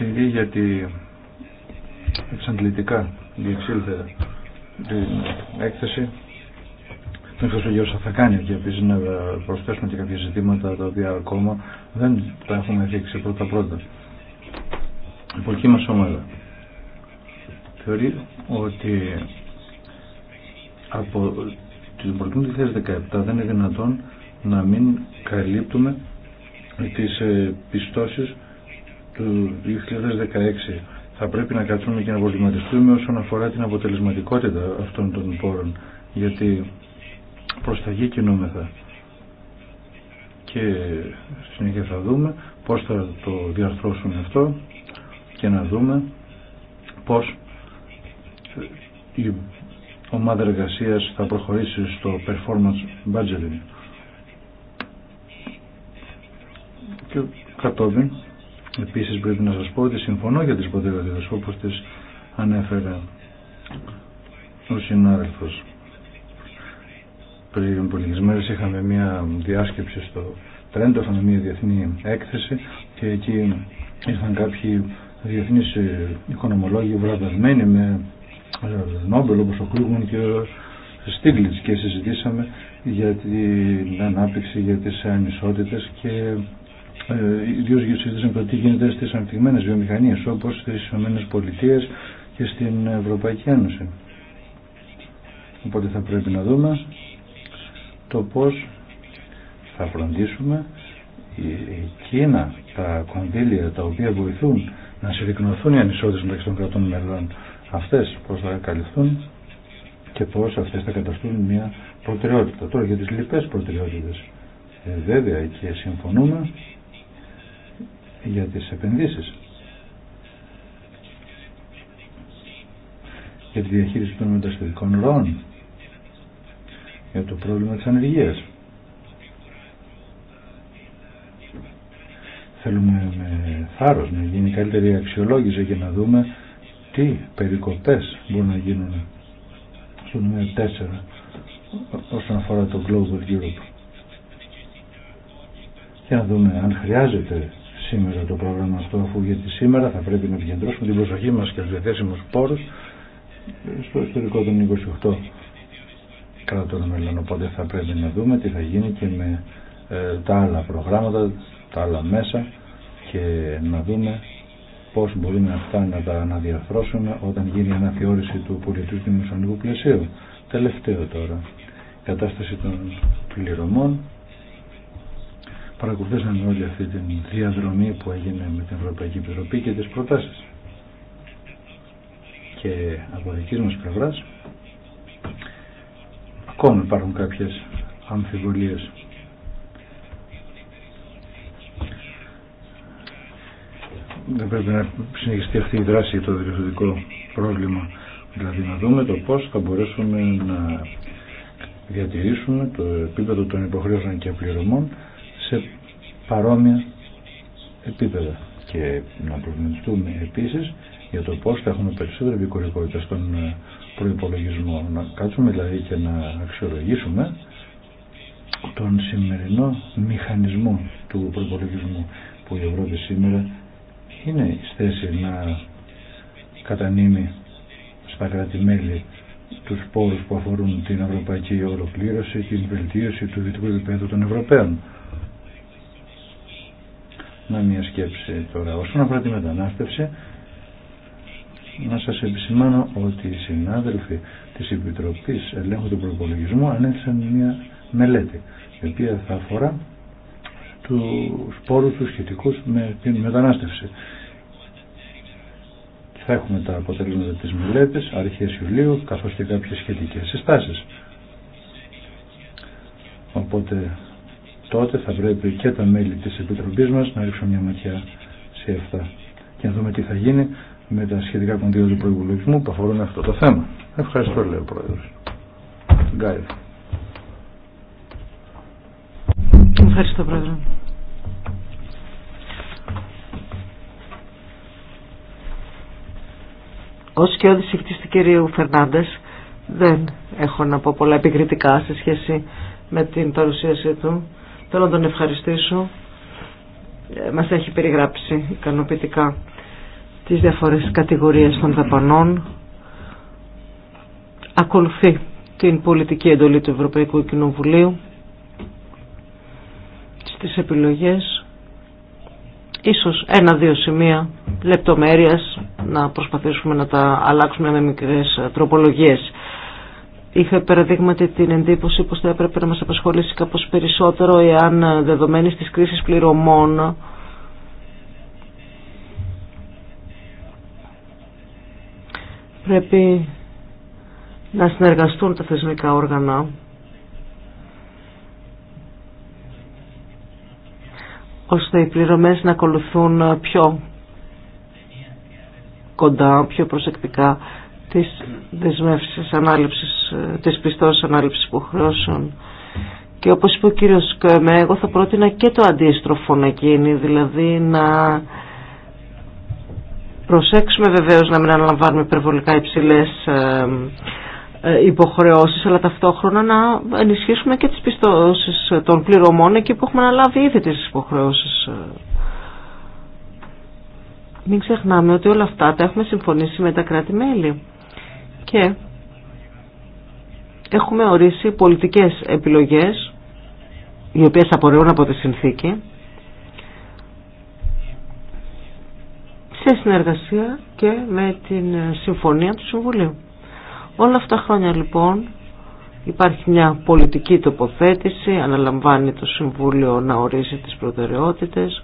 για γιατί εξαντλητικά διεξήλθε την έκθεση για όσα θα κάνει και επίση να προσθέσουμε και κάποια ζητήματα τα οποία ακόμα δεν τα έχουμε δείξει πρώτα-πρώτα. Η πολιτική μα ομάδα θεωρεί ότι από την του 2017 δεν είναι δυνατόν να μην καλύπτουμε τι πιστώσει του 2016. Θα πρέπει να κάτσουμε και να προβληματιστούμε όσον αφορά την αποτελεσματικότητα αυτών των πόρων. Γιατί προς τα γη κινούμεθα. Και συνέχεια θα δούμε πώς θα το διαρθρώσουν αυτό και να δούμε πώς η ομάδα εργασίας θα προχωρήσει στο performance budgeting. Και κατόπιν, επίσης πρέπει να σας πω ότι συμφωνώ για τις προτεραιότητες όπως τις ανέφερε ο συνάδελφος πριν από λίγες μέρες είχαμε μια διάσκεψη στο Τρέντο, είχαμε μια διεθνή έκθεση και εκεί ήρθαν κάποιοι διεθνεί ε, οικονομολόγοι βραβευμένοι με ε, Νόμπελ όπω ο Κρούγμαν και ο Στίγλιτς και συζητήσαμε για την ανάπτυξη, για τις ανισότητες και ε, ιδίως για συζητήσαμε το τι γίνεται στις αναπτυγμένε βιομηχανίες όπως στις ΗΠΑ και στην Ευρωπαϊκή Ένωση. Οπότε θα πρέπει να δούμε το πώς θα φροντίσουμε εκείνα τα κονδύλια τα οποία βοηθούν να συρρυκνωθούν οι ανισότητες μεταξύ των κρατών μελών αυτές πώς θα καλυφθούν και πώς αυτές θα καταστούν μια προτεραιότητα. Τώρα για τις λοιπές προτεραιότητες. Ε, βέβαια και συμφωνούμε για τις επενδύσεις. Για τη διαχείριση των μεταστηρικών ροών για το πρόβλημα της ανεργίας. Θέλουμε με θάρρος να γίνει καλύτερη αξιολόγηση και να δούμε τι περικοπές μπορούν να γίνουν στο νούμερο 4 όσον αφορά το Global Europe. Και να δούμε αν χρειάζεται σήμερα το πρόγραμμα αυτό, αφού γιατί σήμερα θα πρέπει να επικεντρώσουμε την προσοχή μας και τους διαθέσιμους πόρους στο ιστορικό των 28 κατά το μέλλον. Οπότε θα πρέπει να δούμε τι θα γίνει και με ε, τα άλλα προγράμματα, τα άλλα μέσα και να δούμε πώς μπορούμε αυτά να τα αναδιαρθρώσουμε όταν γίνει η αναθεώρηση του πολιτικού δημοσιονομικού πλαισίου. Τελευταίο τώρα, κατάσταση των πληρωμών. Παρακολουθήσαμε όλη αυτή τη διαδρομή που έγινε με την Ευρωπαϊκή Επιτροπή και τις προτάσεις. Και από δική μας πλευράς ακόμη υπάρχουν κάποιες αμφιβολίες. Δεν πρέπει να συνεχιστεί αυτή η δράση για το διευθυντικό πρόβλημα. Δηλαδή να δούμε το πώς θα μπορέσουμε να διατηρήσουμε το επίπεδο των υποχρεώσεων και πληρωμών σε παρόμοια επίπεδα. Και να προβληματιστούμε επίσης για το πώς θα έχουμε περισσότερη επικουρικότητα στον ε, προϋπολογισμό. Να κάτσουμε δηλαδή και να αξιολογήσουμε τον σημερινό μηχανισμό του προϋπολογισμού που η Ευρώπη σήμερα είναι η θέση να κατανείμει στα κράτη-μέλη τους πόρους που αφορούν την ευρωπαϊκή ολοκλήρωση και την βελτίωση του δυτικού επίπεδου των Ευρωπαίων. Να μια σκέψη τώρα. Όσον αφορά τη μετανάστευση, να σας επισημάνω ότι οι συνάδελφοι της Επιτροπής Ελέγχου του Προπολογισμού ανέλησαν μια μελέτη η οποία θα αφορά τους πόρους τους σχετικούς με την μετανάστευση. Θα έχουμε τα αποτελέσματα της μελέτης αρχές Ιουλίου καθώς και κάποιες σχετικές συστάσεις. Οπότε τότε θα πρέπει και τα μέλη της Επιτροπής μας να ρίξουν μια ματιά σε αυτά και να δούμε τι θα γίνει με τα σχετικά κονδύλια του προϋπολογισμού που αφορούν αυτό το θέμα. Ευχαριστώ, λέει ο Πρόεδρος. Γκάιρ. Ευχαριστώ, Πρόεδρε. Ως και ο του κυρίου Φερνάντες δεν έχω να πω πολλά επικριτικά σε σχέση με την παρουσίασή του. Θέλω να τον ευχαριστήσω. Ε, μας έχει περιγράψει ικανοποιητικά τις διάφορες κατηγορίες των δαπανών ακολουθεί την πολιτική εντολή του Ευρωπαϊκού Κοινοβουλίου στις επιλογές ίσως ένα-δύο σημεία λεπτομέρειας να προσπαθήσουμε να τα αλλάξουμε με μικρές τροπολογίες. Είχα παραδείγματι την εντύπωση πως θα έπρεπε να μας απασχολήσει κάπως περισσότερο εάν δεδομένη της κρίσης πληρωμών Πρέπει να συνεργαστούν τα θεσμικά όργανα ώστε οι πληρωμές να ακολουθούν πιο κοντά, πιο προσεκτικά τις δεσμεύσεις ανάληψης, τις πιστώσεις ανάληψης υποχρεώσεων. Και όπως είπε ο κύριος Κέμε, εγώ θα πρότεινα και το αντίστροφο να γίνει, δηλαδή να προσέξουμε βεβαίως να μην αναλαμβάνουμε υπερβολικά υψηλές ε, υποχρεώσεις αλλά ταυτόχρονα να ενισχύσουμε και τις πιστώσεις των πληρωμών εκεί που έχουμε αναλάβει ήδη τις υποχρεώσεις. Μην ξεχνάμε ότι όλα αυτά τα έχουμε συμφωνήσει με τα κράτη-μέλη και έχουμε ορίσει πολιτικές επιλογές οι οποίες απορρέουν από τη συνθήκη σε συνεργασία και με την ε, συμφωνία του Συμβουλίου. Όλα αυτά χρόνια λοιπόν υπάρχει μια πολιτική τοποθέτηση, αναλαμβάνει το Συμβούλιο να ορίζει τις προτεραιότητες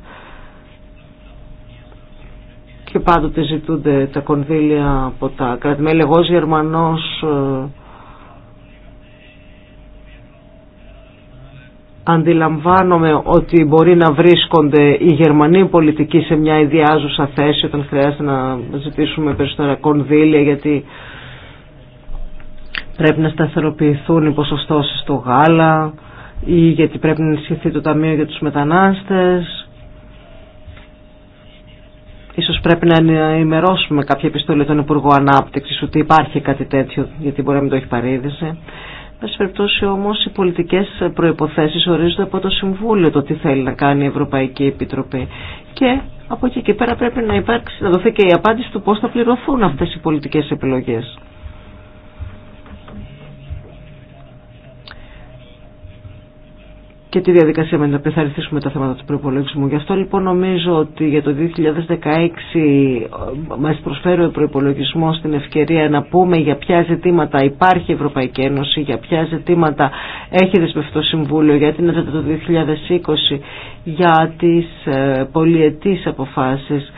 και πάντοτε ζητούνται τα κονδύλια από τα κρατημέλη. Εγώ ως Γερμανός ε, αντιλαμβάνομαι ότι μπορεί να βρίσκονται οι Γερμανοί πολιτικοί σε μια ιδιάζουσα θέση όταν χρειάζεται να ζητήσουμε περισσότερα κονδύλια γιατί πρέπει να σταθεροποιηθούν οι ποσοστώσεις στο γάλα ή γιατί πρέπει να ενισχυθεί το Ταμείο για τους μετανάστες. Ίσως πρέπει να ενημερώσουμε κάποια επιστολή των Υπουργών Ανάπτυξης ότι υπάρχει κάτι τέτοιο γιατί μπορεί να μην το έχει παρήδηση. Πάση περιπτώσει όμως οι πολιτικές προϋποθέσεις ορίζονται από το Συμβούλιο το τι θέλει να κάνει η Ευρωπαϊκή Επιτροπή. Και από εκεί και πέρα πρέπει να, υπάρξει, να δοθεί και η απάντηση του πώς θα πληρωθούν αυτές οι πολιτικές επιλογές. και τη διαδικασία με την οποία θα ρυθίσουμε τα θέματα του προπολογισμού. Γι' αυτό λοιπόν νομίζω ότι για το 2016 ε, μας προσφέρει ο προπολογισμό την ευκαιρία να πούμε για ποια ζητήματα υπάρχει η Ευρωπαϊκή Ένωση, για ποια ζητήματα έχει δεσμευτό Συμβούλιο, γιατί την το του 2020, για τις ε, πολυετής αποφάσεις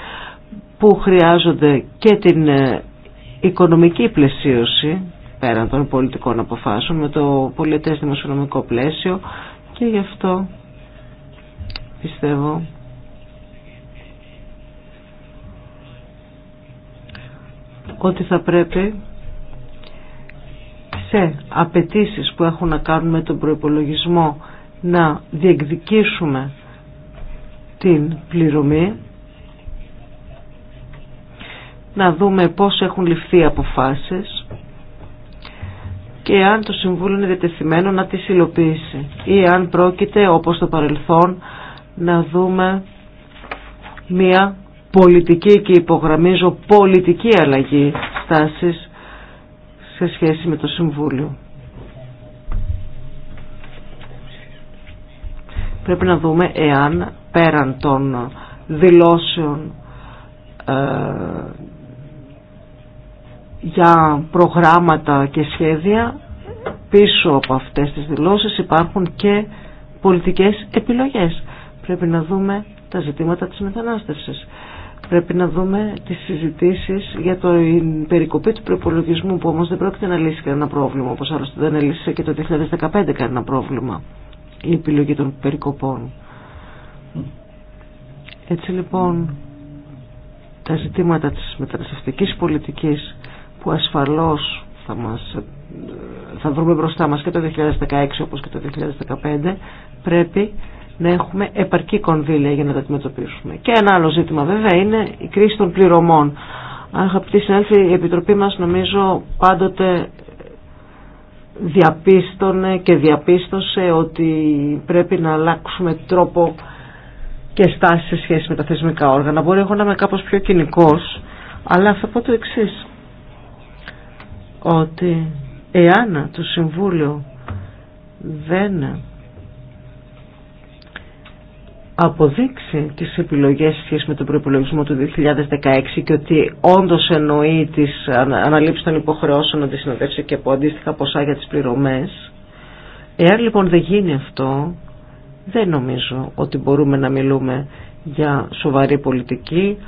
που χρειάζονται και την ε, οικονομική πλαισίωση πέραν των πολιτικών αποφάσεων με το πολιτές δημοσιονομικό πλαίσιο και γι' αυτό πιστεύω ότι θα πρέπει σε απαιτήσει που έχουν να κάνουν με τον προϋπολογισμό να διεκδικήσουμε την πληρωμή να δούμε πώς έχουν ληφθεί αποφάσεις και εάν το Συμβούλιο είναι διατεθειμένο να τις υλοποιήσει ή εάν πρόκειται όπως το παρελθόν να δούμε μια πολιτική και υπογραμμίζω πολιτική αλλαγή στάσης σε σχέση με το Συμβούλιο. Πρέπει να δούμε εάν πέραν των δηλώσεων ε, για προγράμματα και σχέδια πίσω από αυτές τις δηλώσεις υπάρχουν και πολιτικές επιλογές. Πρέπει να δούμε τα ζητήματα της μετανάστευσης. Πρέπει να δούμε τις συζητήσεις για την περικοπή του προπολογισμού που όμως δεν πρόκειται να λύσει κανένα πρόβλημα όπως άλλωστε δεν λύσει και το 2015 κανένα πρόβλημα η επιλογή των περικοπών. Έτσι λοιπόν τα ζητήματα της μεταναστευτικής πολιτικής που ασφαλώς θα, μας, ε, θα βρούμε μπροστά μας και το 2016 όπως και το 2015 πρέπει να έχουμε επαρκή κονδύλια για να τα αντιμετωπίσουμε. Και ένα άλλο ζήτημα βέβαια είναι η κρίση των πληρωμών. Αγαπητοί συνέλφοι, η Επιτροπή μας νομίζω πάντοτε διαπίστωνε και διαπίστωσε ότι πρέπει να αλλάξουμε τρόπο και στάση σε σχέση με τα θεσμικά όργανα. Μπορεί εγώ να είμαι κάπως πιο κοινικός, αλλά θα πω το εξής ότι εάν το Συμβούλιο δεν αποδείξει τις επιλογές σχέση με τον προϋπολογισμό του 2016 και ότι όντως εννοεί τις αναλήψεις των υποχρεώσεων να τις συνοδεύσει και από αντίστοιχα ποσά για τις πληρωμές. Εάν λοιπόν δεν γίνει αυτό, δεν νομίζω ότι μπορούμε να μιλούμε για σοβαρή πολιτική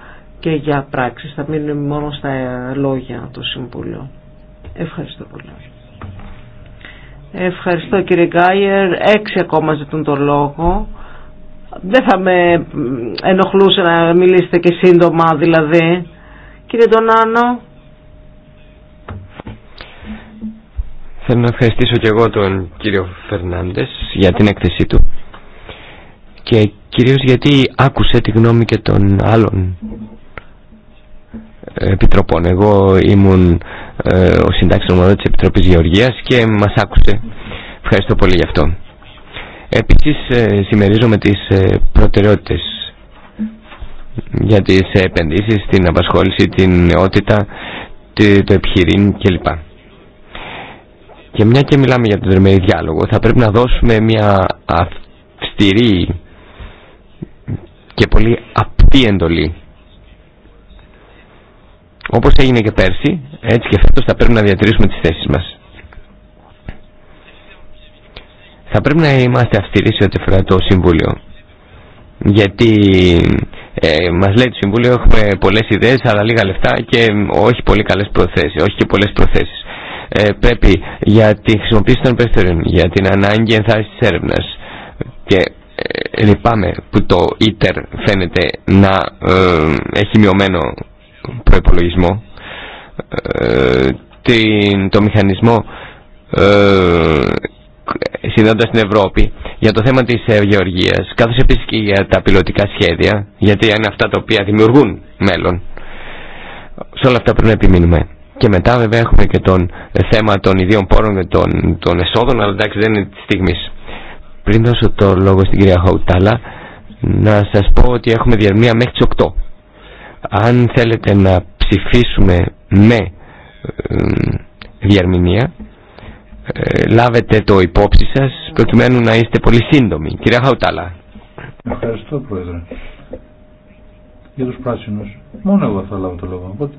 και για πράξεις. Θα μείνουμε μόνο στα λόγια του Συμβούλιο. Ευχαριστώ πολύ. Ευχαριστώ κύριε Γκάιερ. Έξι ακόμα ζητούν το λόγο. Δεν θα με ενοχλούσε να μιλήσετε και σύντομα δηλαδή. Κύριε Ντονάνο. Θέλω να ευχαριστήσω και εγώ τον κύριο Φερνάντες για την έκθεσή του και κυρίως γιατί άκουσε τη γνώμη και των άλλων επιτροπών. Εγώ ήμουν ε, ο συντάξης νομοδότης της Επιτροπής Γεωργίας και μας άκουσε. Ευχαριστώ πολύ γι' αυτό. Επίσης ε, συμμερίζομαι τις ε, προτεραιότητες για τις επενδύσεις, την απασχόληση, την νεότητα, το επιχειρήν κλπ. Και μια και μιλάμε για τον τρομερή διάλογο, θα πρέπει να δώσουμε μια αυστηρή και πολύ απτή εντολή όπως έγινε και πέρσι, έτσι και φέτος θα πρέπει να διατηρήσουμε τις θέσεις μας. Θα πρέπει να είμαστε αυστηροί σε ό,τι αφορά το Συμβούλιο. Γιατί ε, μας λέει το Συμβούλιο έχουμε πολλές ιδέες αλλά λίγα λεφτά και όχι πολύ καλές προθέσεις, όχι και πολλές προθέσεις. Ε, πρέπει για τη χρησιμοποίηση των περιθώριων, για την ανάγκη ενθάρρυνσης της έρευνας και ε, λυπάμαι που το ίτερ φαίνεται να ε, έχει μειωμένο προϋπολογισμό, ε, την, το μηχανισμό ε, συνδέοντας την Ευρώπη για το θέμα της ε, γεωργία, καθώς επίσης και για τα πιλωτικά σχέδια γιατί είναι αυτά τα οποία δημιουργούν μέλλον σε όλα αυτά πρέπει να επιμείνουμε και μετά βέβαια έχουμε και το θέμα των ιδίων πόρων και των, των εσόδων αλλά εντάξει δεν είναι τη στιγμή πριν δώσω το λόγο στην κυρία Χαουτάλα να σας πω ότι έχουμε διαρμία μέχρι τις 8 αν θέλετε να ψηφίσουμε με διαρμηνία, ε, λάβετε το υπόψη σας προκειμένου να είστε πολύ σύντομοι. Κυρία Χαουτάλα. Ευχαριστώ Πρόεδρε. Για τους πράσινους. Μόνο εγώ θα λάβω το λόγο. Οπότε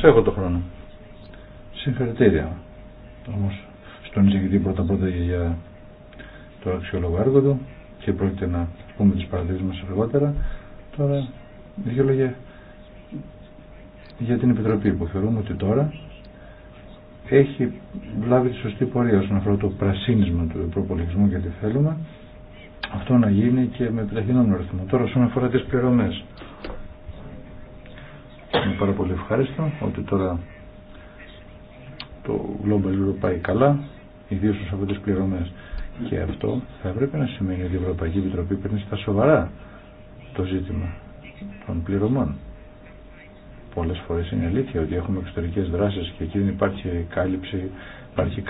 σε έχω το χρόνο. Συγχαρητήρια. Όμως στον εισηγητή πρώτα πρώτα για το αξιόλογο έργο του και πρόκειται να πούμε τις παρατηρήσεις μας αργότερα. Τώρα Δύο λόγια για την Επιτροπή που θεωρούμε ότι τώρα έχει βλάβει τη σωστή πορεία όσον αφορά το πρασίνισμα του προπολογισμού γιατί θέλουμε αυτό να γίνει και με επιταχυνόμενο ρυθμό. Τώρα όσον αφορά τις πληρωμές είναι πάρα πολύ ευχάριστο ότι τώρα το Global Euro πάει καλά ιδίως όσον αφορά τις πληρωμές και αυτό θα έπρεπε να σημαίνει ότι η Ευρωπαϊκή Επιτροπή παίρνει στα σοβαρά το ζήτημα των πληρωμών. Πολλές φορές είναι αλήθεια ότι έχουμε εξωτερικές δράσεις και εκεί δεν υπάρχει κάλυψη, υπάρχει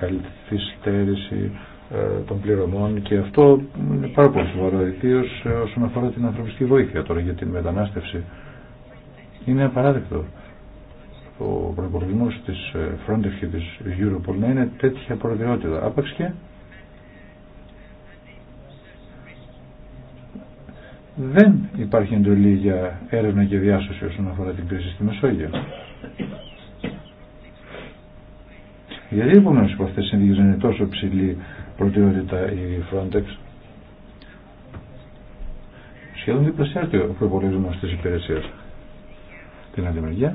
στέρηση ε, των πληρωμών και αυτό είναι πάρα πολύ σοβαρό ιδίως ε, όσον αφορά την ανθρωπιστική βοήθεια τώρα για την μετανάστευση. Είναι απαράδεκτο ο προπολογισμό τη ε, Frontex και τη Europol να είναι τέτοια προτεραιότητα. δεν υπάρχει εντολή για έρευνα και διάσωση όσον αφορά την κρίση στη Μεσόγειο. Γιατί λοιπόν υπό αυτέ τι είναι τόσο ψηλή προτεραιότητα η Frontex. Σχεδόν διπλασιάζεται ο προπολογισμό τη υπηρεσία. Την άλλη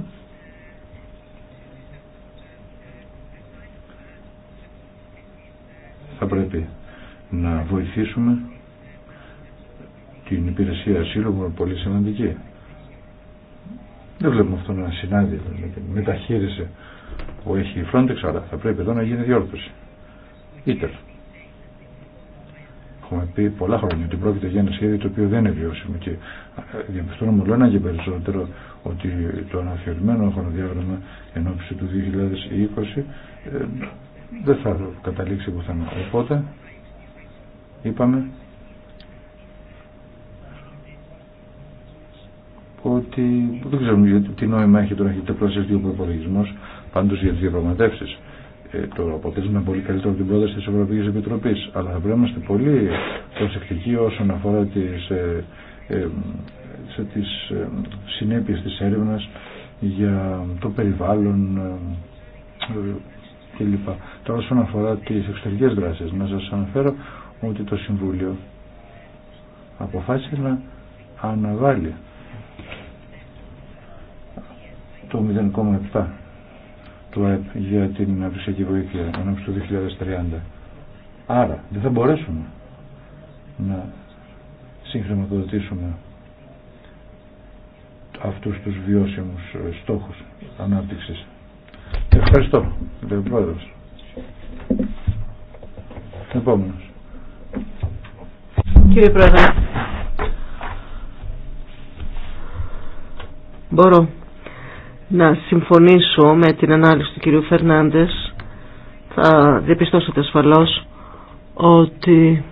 Θα πρέπει να βοηθήσουμε την υπηρεσία ασύλου που είναι πολύ σημαντική. Δεν βλέπουμε αυτό να συνάδει με την μεταχείριση που έχει η Frontex, αλλά θα πρέπει εδώ να γίνει διόρθωση. Ήτερ. Έχουμε πει πολλά χρόνια ότι πρόκειται για ένα σχέδιο το οποίο δεν είναι βιώσιμο και ε, διαπιστώνουμε όλο ένα και περισσότερο ότι το αναφερμένο χρονοδιάγραμμα εν ώψη του 2020 ε, δεν θα καταλήξει πουθενά. Οπότε είπαμε ότι δεν ξέρουμε τι νόημα έχει τώρα έχετε πρόσθεση δύο προπολογισμό πάντω για τι διαπραγματεύσει. Ε, το αποτέλεσμα είναι πολύ καλύτερο από την πρόταση τη Ευρωπαϊκή Επιτροπή. Αλλά θα πρέπει να είμαστε πολύ προσεκτικοί όσον αφορά τι ε, ε, τις ε, συνέπειες της έρευνας για το περιβάλλον ε, κλπ. Τώρα όσον αφορά τι εξωτερικέ δράσει. να σα αναφέρω ότι το Συμβούλιο αποφάσισε να αναβάλει το 0,7 του ΑΕΠ για την αυρισσιακή βοήθεια ανάμεσα στο 2030. Άρα δεν θα μπορέσουμε να συγχρηματοδοτήσουμε αυτούς τους βιώσιμους στόχους ανάπτυξης. Ευχαριστώ, κύριε Πρόεδρος. Επόμενος. Κύριε Πρόεδρε, μπορώ να συμφωνήσω με την ανάλυση του κυρίου Φερνάντες. Θα διαπιστώσετε ασφαλώς ότι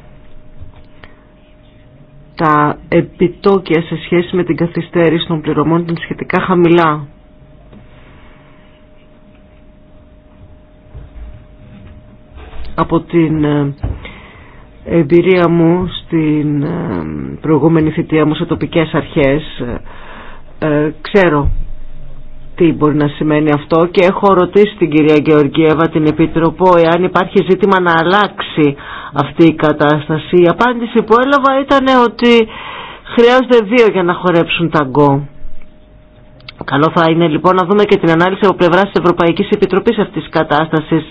τα επιτόκια σε σχέση με την καθυστέρηση των πληρωμών ήταν σχετικά χαμηλά. Από την ε, εμπειρία μου στην ε, προηγούμενη θητεία μου σε τοπικές αρχές ε, ξέρω τι μπορεί να σημαίνει αυτό και έχω ρωτήσει την κυρία Γεωργίευα την Επιτροπό εάν υπάρχει ζήτημα να αλλάξει αυτή η κατάσταση. Η απάντηση που έλαβα ήταν ότι χρειάζονται δύο για να χορέψουν ταγκό. Καλό θα είναι λοιπόν να δούμε και την ανάλυση από πλευρά τη Ευρωπαϊκή Επιτροπή αυτή τη κατάσταση.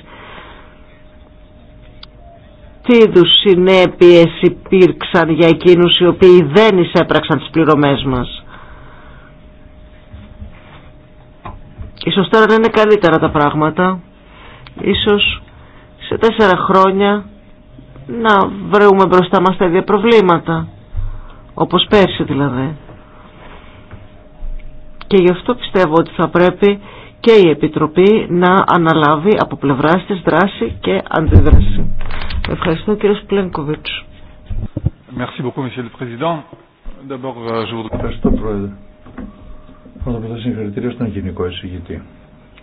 Τι είδου συνέπειε υπήρξαν για εκείνου οι οποίοι δεν εισέπραξαν τι πληρωμέ μας. Ίσως τώρα να είναι καλύτερα τα πράγματα. Ίσως σε τέσσερα χρόνια να βρούμε μπροστά μας τα ίδια προβλήματα. Όπως πέρσι δηλαδή. Και γι' αυτό πιστεύω ότι θα πρέπει και η Επιτροπή να αναλάβει από πλευράς της δράση και αντίδραση. Ευχαριστώ κύριος Πλένκοβιτς. Euh, Ευχαριστώ Πρώτα απ' όλα συγχαρητήρια στον γενικό εισηγητή,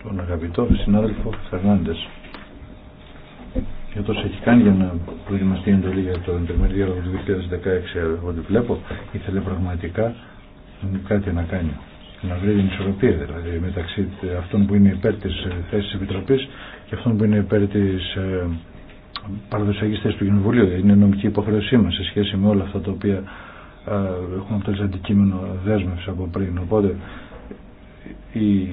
τον αγαπητό συνάδελφο Φερνάντε. Για τόσο έχει κάνει για να προετοιμαστεί η εντολή για το Ιντερμέρι Διάλογο του 2016. Ε, ό,τι βλέπω, ήθελε πραγματικά κάτι να κάνει. Να βρει την ισορροπία δηλαδή μεταξύ αυτών που είναι υπέρ τη ε, θέση τη Επιτροπή και αυτών που είναι υπέρ τη ε, παραδοσιακή θέση του Κοινοβουλίου. Δηλαδή, είναι νομική υποχρέωσή μα σε σχέση με όλα αυτά τα οποία έχουν αποτελέσει αντικείμενο δέσμευση από πριν. Οπότε η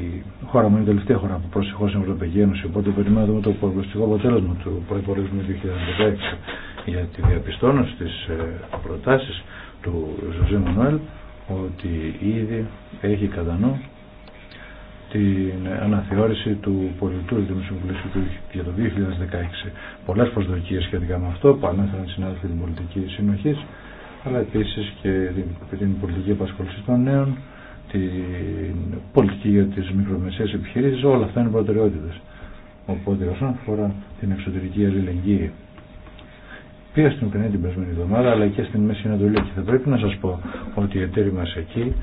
χώρα μου είναι η τελευταία χώρα που προσεχώ στην Ευρωπαϊκή Ένωση, οπότε περιμένω το προβληματικό αποτέλεσμα του προπολογισμού 2016 για τη διαπιστώνω στις ε, προτάσεις του Ζωζέ Μανουέλ ότι ήδη έχει κατά νου την αναθεώρηση του πολιτού Δημοσιοβουλίου για το 2016. πολλέ προσδοκίε σχετικά με αυτό που ανέφεραν συνάδελφοι την πολιτική συνοχή, αλλά επίση και την πολιτική απασχολήση των νέων την πολιτική για τις μικρομεσαίες επιχειρήσεις, όλα αυτά είναι προτεραιότητες. Οπότε όσον αφορά την εξωτερική αλληλεγγύη, πήγα στην Ουκρανία την περασμένη εβδομάδα, αλλά και στην Μέση Ανατολή και θα πρέπει να σας πω ότι οι εταίροι μας εκεί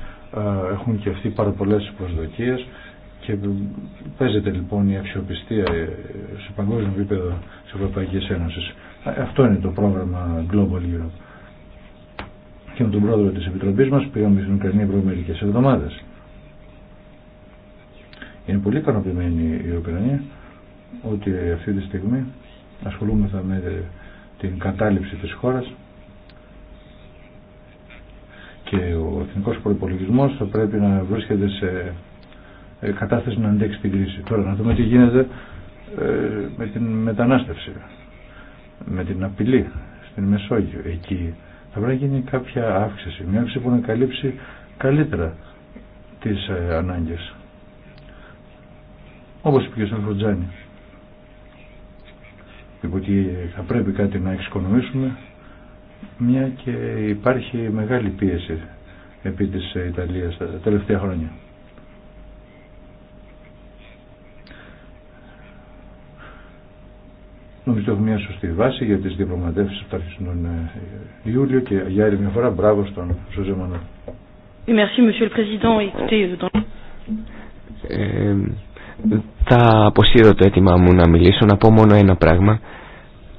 έχουν και αυτοί πάρα πολλές προσδοκίες και παίζεται λοιπόν η αξιοπιστία ε, σε παγκόσμιο επίπεδο της Ευρωπαϊκής Ένωσης. Ε, αυτό είναι το πρόγραμμα Global Europe και με τον πρόεδρο της Επιτροπής μας πήγαμε στην Ουκρανία πριν μερικές εβδομάδες. Είναι πολύ ικανοποιημένη η Ουκρανία ότι αυτή τη στιγμή ασχολούμεθα με την κατάληψη της χώρας και ο εθνικός προπολογισμό θα πρέπει να βρίσκεται σε ε, κατάσταση να αντέξει την κρίση. Τώρα να δούμε τι γίνεται ε, με την μετανάστευση, με την απειλή στην Μεσόγειο. Εκεί θα πρέπει να γίνει κάποια αύξηση, μια αύξηση που να καλύψει καλύτερα τις ε, ανάγκες. Όπως είπε και ο θα πρέπει κάτι να εξοικονομήσουμε, μια και υπάρχει μεγάλη πίεση επί της ε, Ιταλίας τα τελευταία χρόνια. Νομίζω ότι έχουμε μια σωστή βάση για τις διαπραγματεύσεις που θα αρχίσουν τον ε, Ιούλιο και για άλλη μια φορά μπράβο στον Ζωζέ Μανώ. Ε, ε, θα αποσύρω το αίτημά μου να μιλήσω, να πω μόνο ένα πράγμα.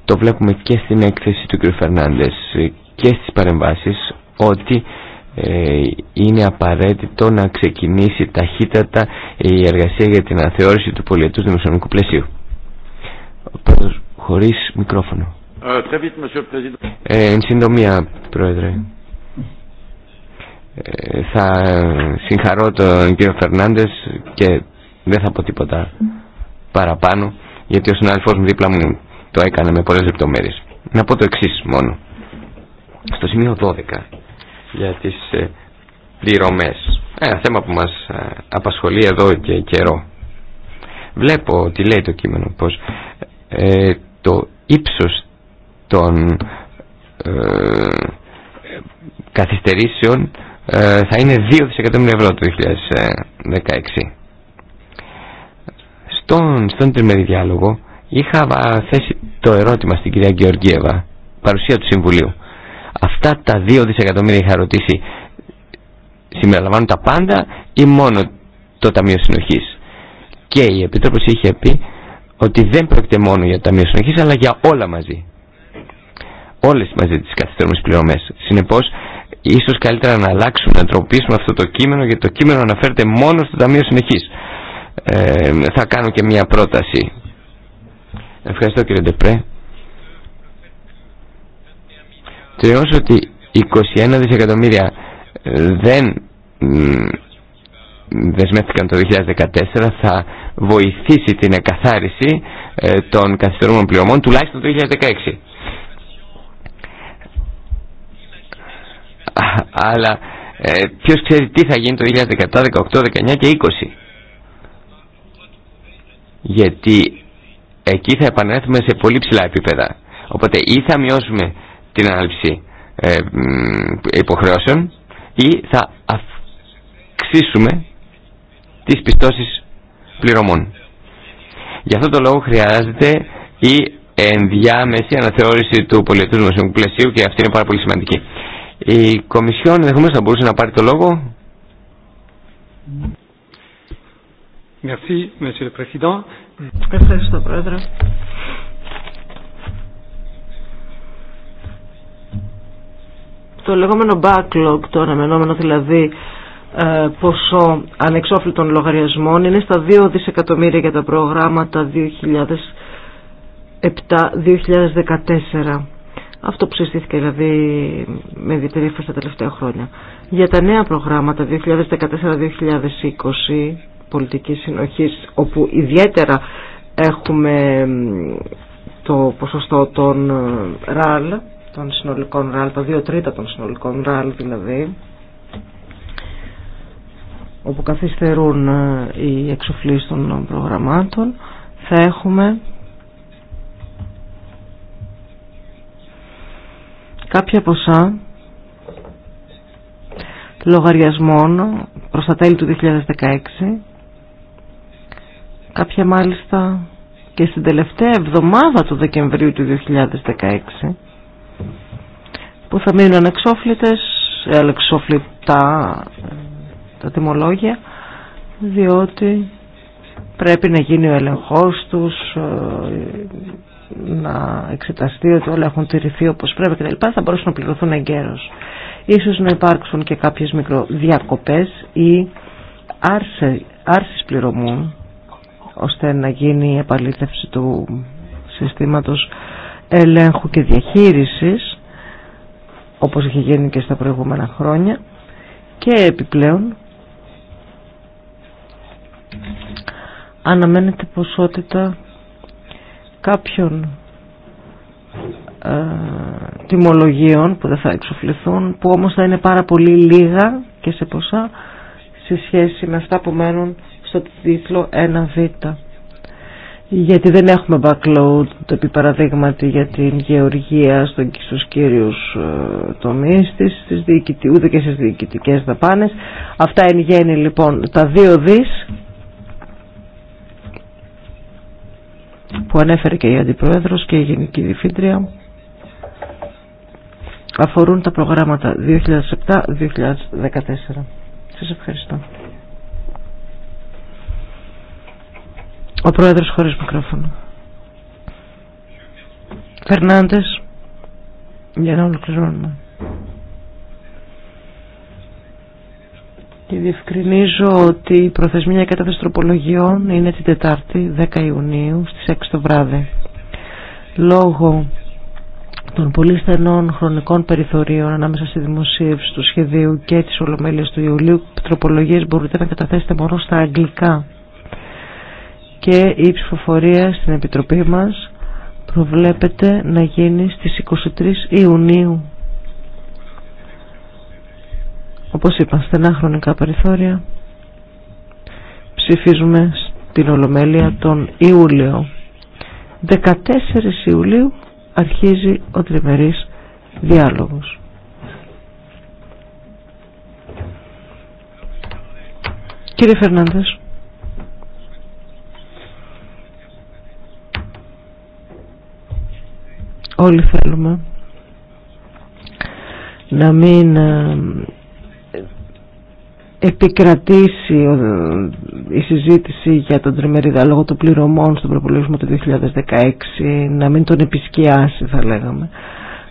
Το βλέπουμε και στην έκθεση του κ. Φερνάντες και στις παρεμβάσεις ότι είναι απαραίτητο να ξεκινήσει ταχύτατα η εργασία για την αθεώρηση του πολιετούς δημοσιονομικού πλαισίου χωρίς μικρόφωνο. Ε, ε, εν συντομία, Πρόεδρε. Ε, θα συγχαρώ τον κύριο Φερνάντες και δεν θα πω τίποτα παραπάνω, γιατί ο συνάδελφός μου δίπλα μου το έκανε με πολλές λεπτομέρειες. Να πω το εξή μόνο. Στο σημείο 12 για τις πληρωμές. Ένα θέμα που μας απασχολεί εδώ και καιρό. Βλέπω τι λέει το κείμενο πως ε, το ύψος των ε, καθυστερήσεων ε, θα είναι 2 δισεκατομμύρια ευρώ το 2016. Στον, στον τριμερή διάλογο είχα θέσει το ερώτημα στην κυρία Γεωργίεβα, παρουσία του Συμβουλίου. Αυτά τα 2 δισεκατομμύρια είχα ρωτήσει συμπεριλαμβάνουν τα πάντα ή μόνο το Ταμείο Συνοχής. Και η Επίτροπος είχε πει ότι δεν πρόκειται μόνο για τα Ταμείο Συνοχής αλλά για όλα μαζί. Όλες μαζί τις καθυστερούμενες πληρωμές. Συνεπώς, ίσως καλύτερα να αλλάξουμε, να τροποποιήσουμε αυτό το κείμενο γιατί το κείμενο αναφέρεται μόνο στο Ταμείο Συνεχής. Ε, θα κάνω και μια πρόταση. Ευχαριστώ κύριε Ντεπρέ. Τελειώσω ότι 21 δισεκατομμύρια ε, δεν δεσμεύτηκαν το 2014 θα βοηθήσει την εκαθάριση ε, των καθυστερούμενων πληρωμών τουλάχιστον το 2016. Αλλά ε, ποιος ξέρει τι θα γίνει το 2017, 2018, 2019 και 2020. Γιατί εκεί θα επανέλθουμε σε πολύ ψηλά επίπεδα. Οπότε ή θα μειώσουμε την ανάληψη ε, υποχρεώσεων ή θα αυξήσουμε τις πιστώσεις πληρωμών. Γι' αυτό το λόγο χρειάζεται η ενδιάμεση αναθεώρηση του πολιτικού δημοσιονομικού πλαισίου και αυτή είναι πάρα πολύ σημαντική. Η Κομισιόν ενδεχομένω θα μπορούσε να πάρει το λόγο. Ευχαριστώ, Πρόεδρε. Το λεγόμενο backlog, το αναμενόμενο δηλαδή ε, ποσό ανεξόφλητων λογαριασμών είναι στα 2 δισεκατομμύρια για τα προγράμματα 2007-2014. Αυτό συστήθηκε δηλαδή με ιδιαίτερη τα τελευταία χρόνια. Για τα νέα προγράμματα 2014-2020 πολιτικής συνοχής όπου ιδιαίτερα έχουμε το ποσοστό των ε, ραλ των συνολικών ραλ, τα 2 τρίτα των συνολικών ραλ δηλαδή όπου καθυστερούν ε, οι εξοφλήσεις των προγραμμάτων θα έχουμε κάποια ποσά λογαριασμών προς τα τέλη του 2016 κάποια μάλιστα και στην τελευταία εβδομάδα του Δεκεμβρίου του 2016 που θα μείνουν ανεξόφλητες, ε, ανεξόφλητα τα τιμολόγια διότι πρέπει να γίνει ο έλεγχός τους, ε, να εξεταστεί ότι όλα έχουν τηρηθεί όπως πρέπει και λοιπά. θα μπορούσαν να πληρωθούν εγκαίρως. Ίσως να υπάρξουν και κάποιες μικροδιακοπές ή άρσεις πληρωμών ώστε να γίνει η αρσεις πληρωμου ωστε να γινει η επαληθευση του συστήματος ελέγχου και διαχείρισης όπως είχε γίνει και στα προηγούμενα χρόνια και επιπλέον αναμένεται ποσότητα κάποιων ε, τιμολογίων που δεν θα εξοφληθούν που όμως θα είναι πάρα πολύ λίγα και σε ποσά σε σχέση με αυτά που μένουν στο τίτλο 1β γιατί δεν έχουμε backload επί παραδείγματι για την γεωργία στον, στους κύριους ε, τομείς της, στις ούτε και στις διοικητικές δαπάνες αυτά εν γέννη λοιπόν τα δύο δις που ανέφερε και η Αντιπρόεδρος και η Γενική Διευθύντρια αφορούν τα προγράμματα 2007-2014. Σας ευχαριστώ. Ο Πρόεδρος χωρίς μικρόφωνο. Φερνάντες, για να ολοκληρώνουμε. Και διευκρινίζω ότι η προθεσμία κατάθεση τροπολογιών είναι την Τετάρτη 10 Ιουνίου στις 6 το βράδυ. Λόγω των πολύ στενών χρονικών περιθωρίων ανάμεσα στη δημοσίευση του σχεδίου και τις ολομέλειες του Ιουλίου τροπολογίες μπορείτε να καταθέσετε μόνο στα αγγλικά και η ψηφοφορία στην Επιτροπή μας προβλέπεται να γίνει στις 23 Ιουνίου όπως είπα, στενά χρονικά περιθώρια. Ψηφίζουμε στην Ολομέλεια τον Ιούλιο. 14 Ιουλίου αρχίζει ο τριμερής διάλογος. Κύριε Φερνάνδες. Όλοι θέλουμε να μην ε, επικρατήσει ε, η συζήτηση για τον τριμερίδα λόγω των πληρωμών στον προπολογισμό του 2016 να μην τον επισκιάσει θα λέγαμε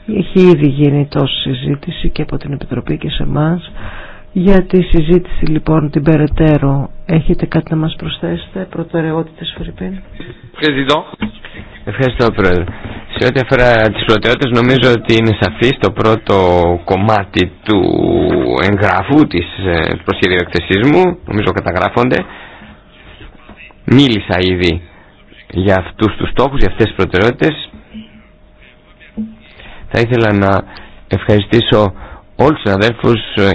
έχει ήδη γίνει τόση συζήτηση και από την Επιτροπή και σε εμά. για τη συζήτηση λοιπόν την περαιτέρω έχετε κάτι να μας προσθέσετε προτεραιότητες Φερρυπίν Ευχαριστώ Πρόεδρε. Σε ό,τι αφορά τις προτεραιότητες νομίζω ότι είναι σαφή το πρώτο κομμάτι του εγγράφου της ε, προσχεδίου εκθεσής μου, νομίζω καταγράφονται. Μίλησα ήδη για αυτούς τους στόχους, για αυτές τις προτεραιότητες. Θα ήθελα να ευχαριστήσω όλους τους αδέρφους ε,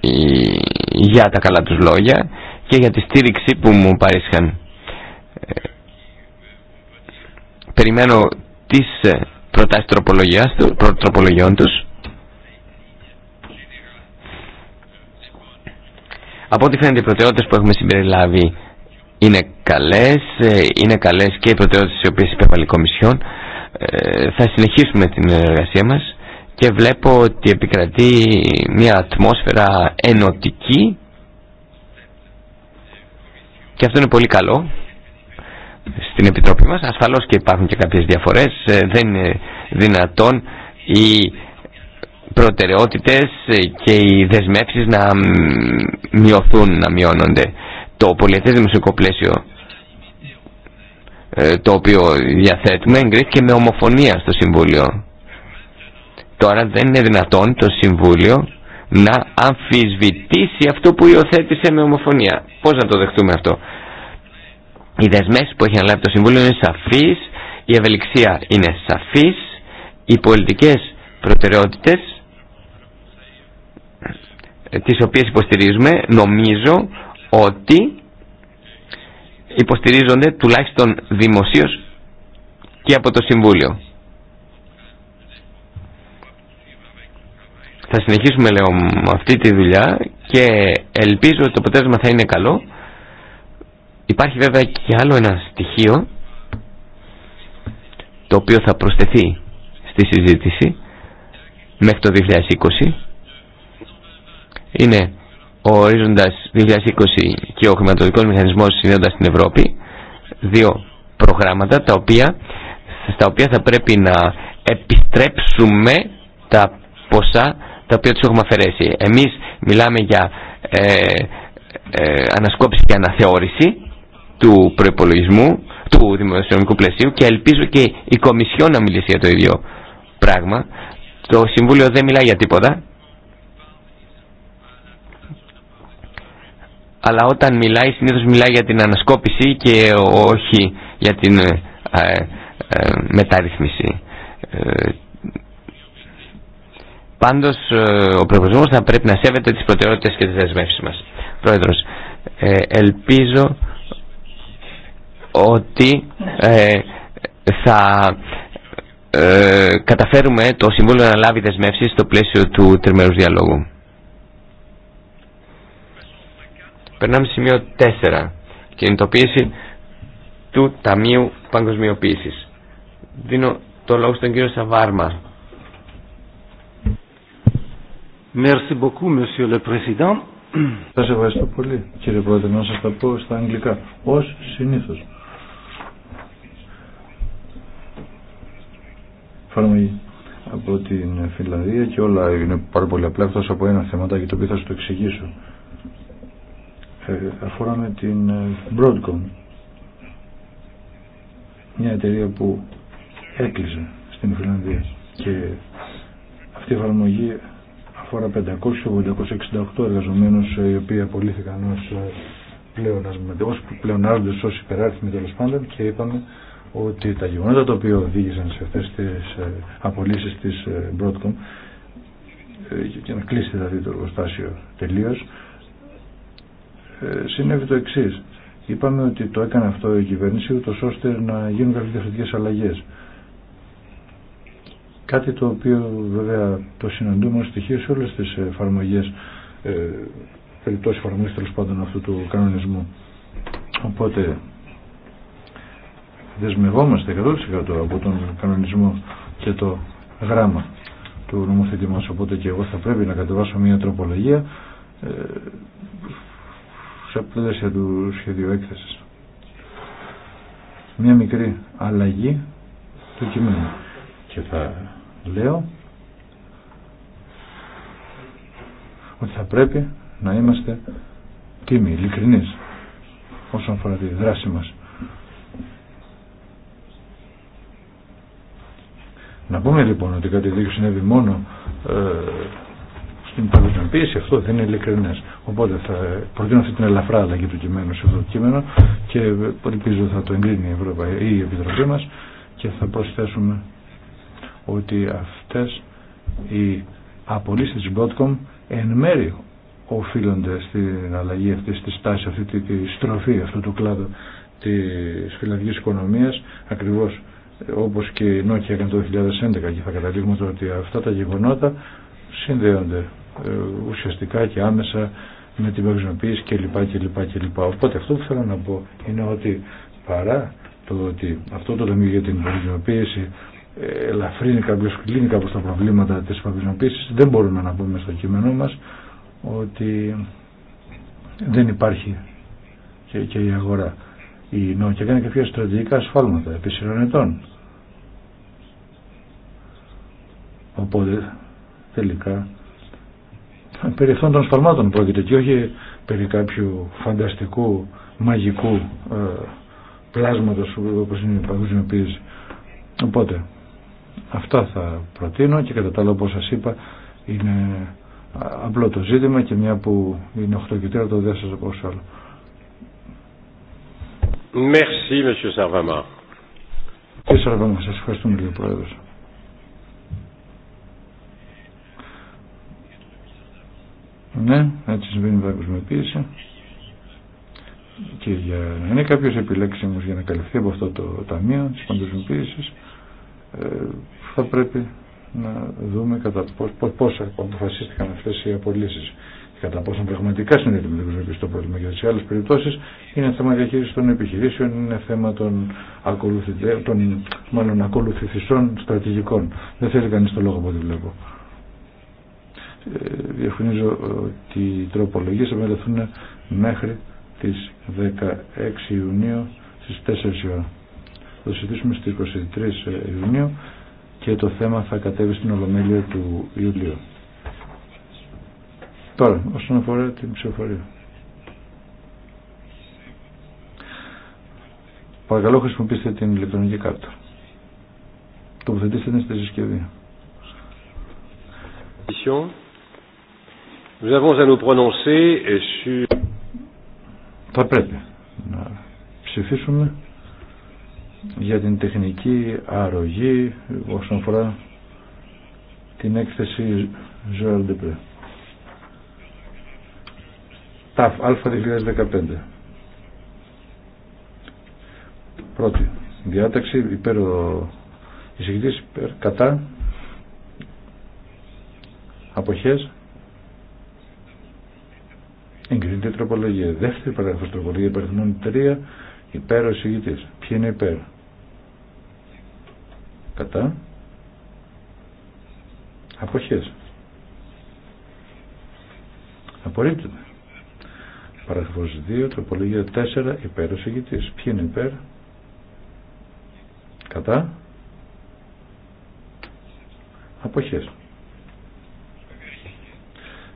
ε, για τα καλά τους λόγια και για τη στήριξη που μου παρήσχαν. Περιμένω τις ε, προτάσεις τροπολογίας, τροπολογιών τους. Από ό,τι φαίνεται οι προτεραιότητες που έχουμε συμπεριλάβει είναι καλές, ε, είναι καλές και οι προτεραιότητες οι οποίες είπε η Κομισιόν. Ε, θα συνεχίσουμε την εργασία μας και βλέπω ότι επικρατεί μια ατμόσφαιρα ενωτική και αυτό είναι πολύ καλό στην Επιτροπή μας. Ασφαλώς και υπάρχουν και κάποιες διαφορές. Ε, δεν είναι δυνατόν οι προτεραιότητες και οι δεσμεύσεις να μειωθούν, να μειώνονται. Το πολιετές δημοσιοκοπλαίσιο πλαίσιο ε, το οποίο διαθέτουμε εγκρίθηκε με ομοφωνία στο Συμβούλιο. Τώρα δεν είναι δυνατόν το Συμβούλιο να αμφισβητήσει αυτό που υιοθέτησε με ομοφωνία. Πώς να το δεχτούμε αυτό οι δεσμές που έχει αναλάβει το Συμβούλιο είναι σαφείς, η ευελιξία είναι σαφής, οι πολιτικές προτεραιότητες ε, τις οποίες υποστηρίζουμε νομίζω ότι υποστηρίζονται τουλάχιστον δημοσίως και από το Συμβούλιο. Θα συνεχίσουμε λέω με αυτή τη δουλειά και ελπίζω ότι το αποτέλεσμα θα είναι καλό Υπάρχει βέβαια και άλλο ένα στοιχείο το οποίο θα προσθεθεί στη συζήτηση μέχρι το 2020 είναι ο ορίζοντας 2020 και ο χρηματοδοτικός μηχανισμός συνέοντας στην Ευρώπη δύο προγράμματα τα οποία, στα οποία θα πρέπει να επιστρέψουμε τα ποσά τα οποία τους έχουμε αφαιρέσει. Εμείς μιλάμε για ε, ε ανασκόπηση και αναθεώρηση του προπολογισμού, του δημοσιονομικού πλαισίου και ελπίζω και η Κομισιόν να μιλήσει για το ίδιο πράγμα. Το Συμβούλιο δεν μιλάει για τίποτα. Αλλά όταν μιλάει συνήθως μιλάει για την ανασκόπηση και όχι για την ε, ε, μεταρρύθμιση. Ε, πάντως ε, ο προπολογισμό θα πρέπει να σέβεται τις προτεραιότητες και τις δεσμεύσεις μας. Πρόεδρος, ελπίζω ότι ε, θα ε, καταφέρουμε το Συμβούλιο να λάβει δεσμεύσεις στο πλαίσιο του τριμερούς διαλόγου. Περνάμε σημείο 4. Κινητοποίηση του Ταμείου Παγκοσμιοποίησης. Δίνω το λόγο στον κύριο Σαβάρμα. Merci beaucoup, Monsieur le Président. Σας ευχαριστώ πολύ, κύριε Πρόεδρε, να σας τα πω στα αγγλικά, ως συνήθως. εφαρμογή από την Φιλανδία και όλα είναι πάρα πολύ απλά εκτός από ένα θεματάκι το οποίο θα σου το εξηγήσω. Ε, αφορά με την ε, Broadcom μια εταιρεία που έκλεισε στην Φιλανδία και αυτή η εφαρμογή αφορά 500-868 εργαζομένους ε, οι οποίοι απολύθηκαν ως ε, πλεονάζοντες ως υπεράρθμοι τέλο πάντων και είπαμε ότι τα γεγονότα τα οποία οδήγησαν σε αυτές τις ε, απολύσεις της ε, Broadcom και ε, να κλείσει δηλαδή το εργοστάσιο τελείως συνέβη το εξή. Είπαμε ότι το έκανε αυτό η κυβέρνηση ούτως ώστε να γίνουν καλύτερες διαφορετικές αλλαγές. Κάτι το οποίο βέβαια το συναντούμε ως στοιχείο σε όλες τις εφαρμογές περιπτώσει εφαρμογής τέλο πάντων αυτού του κανονισμού. Οπότε δεσμευόμαστε 100% από τον κανονισμό και το γράμμα του νομοθετή μας οπότε και εγώ θα πρέπει να κατεβάσω μια τροπολογία ε, σε πλαίσια του σχεδίου έκθεσης μια μικρή αλλαγή του κειμένου και θα λέω ότι θα πρέπει να είμαστε τίμοι, ειλικρινείς όσον αφορά τη δράση μας Να πούμε λοιπόν ότι κάτι τέτοιο συνέβη μόνο ε, στην παγκοσμιοποίηση, αυτό δεν είναι ειλικρινέ. Οπότε θα προτείνω αυτή την ελαφρά αλλαγή του κειμένου σε αυτό το κείμενο και ελπίζω θα το εγκρίνει η, Ευρώπη η Επιτροπή μα και θα προσθέσουμε ότι αυτέ οι απολύσει τη Botcom εν μέρη οφείλονται στην αλλαγή αυτή τη τάση αυτή τη στροφή αυτού του κλάδου τη φυλακή οικονομία ακριβώς όπως και η Νόκια έκανε το 2011 και θα καταλήγουμε το ότι αυτά τα γεγονότα συνδέονται ε, ουσιαστικά και άμεσα με την παγκοσμιοποίηση κλπ. κλπ, λοιπά. Οπότε αυτό που θέλω να πω είναι ότι παρά το ότι αυτό το ταμείο για την παγκοσμιοποίηση ε, ελαφρύνει κάποιο, κλείνει κάπως τα προβλήματα της παγκοσμιοποίησης, δεν μπορούμε να πούμε στο κείμενό μας ότι δεν υπάρχει και, και η αγορά η ΝΟ και κάνει κάποια στρατηγικά ασφάλματα επί ετών. Οπότε τελικά περί αυτών των σφαλμάτων πρόκειται και όχι περί κάποιου φανταστικού μαγικού ε, πλάσματος όπως είναι η παγκοσμιοποίηση. Οπότε αυτά θα προτείνω και κατά τα άλλα όπως σας είπα είναι απλό το ζήτημα και μια που είναι 8 και το δεν σας πω άλλο. Merci, M. Sarvama. Κύριε Σαρβάμα, σας ευχαριστούμε κύριε Πρόεδρος. Ναι, έτσι συμβαίνει η παγκοσμιοποίηση. Και για να είναι κάποιο επιλέξιμο για να καλυφθεί από αυτό το ταμείο τη παγκοσμιοποίηση, ε, θα πρέπει να δούμε κατά πώς, αποφασίστηκαν αυτέ οι απολύσεις κατά πόσο πραγματικά συνδέεται με το πρόβλημα Γιατί σε άλλε περιπτώσει είναι θέμα διαχείριση των επιχειρήσεων, είναι θέμα των, των μάλλον ακολουθηθισών στρατηγικών. Δεν θέλει κανεί το λόγο από ό,τι βλέπω. Ε, διευκρινίζω ότι οι τροπολογίε θα μεταθούν μέχρι τι 16 Ιουνίου στι 4 η ώρα. Θα συζητήσουμε στι 23 Ιουνίου και το θέμα θα κατέβει στην Ολομέλεια του Ιουλίου. Τώρα, όσον αφορά την ψηφοφορία. Παρακαλώ χρησιμοποιήστε την ηλεκτρονική κάρτα. Τοποθετήστε την στη συσκευή. Θα πρέπει να ψηφίσουμε για την τεχνική αρρωγή όσον αφορά την έκθεση Ζωαλ Ντεπρέ. ΤΑΦ Α2015. Πρώτη διάταξη υπέρ ο εισηγητής υπέρ κατά αποχές εγκρίνεται τροπολογία. Δεύτερη παραγωγή τροπολογία υπερθυμών 3 υπέρ ο εισηγητής. Ποιοι είναι υπέρ. Κατά αποχές. Απορρίπτεται. Παραγραφός 2, τροπολογία 4, υπέρ ο συγκητής. Ποιοι είναι υπέρ. Κατά. Αποχές.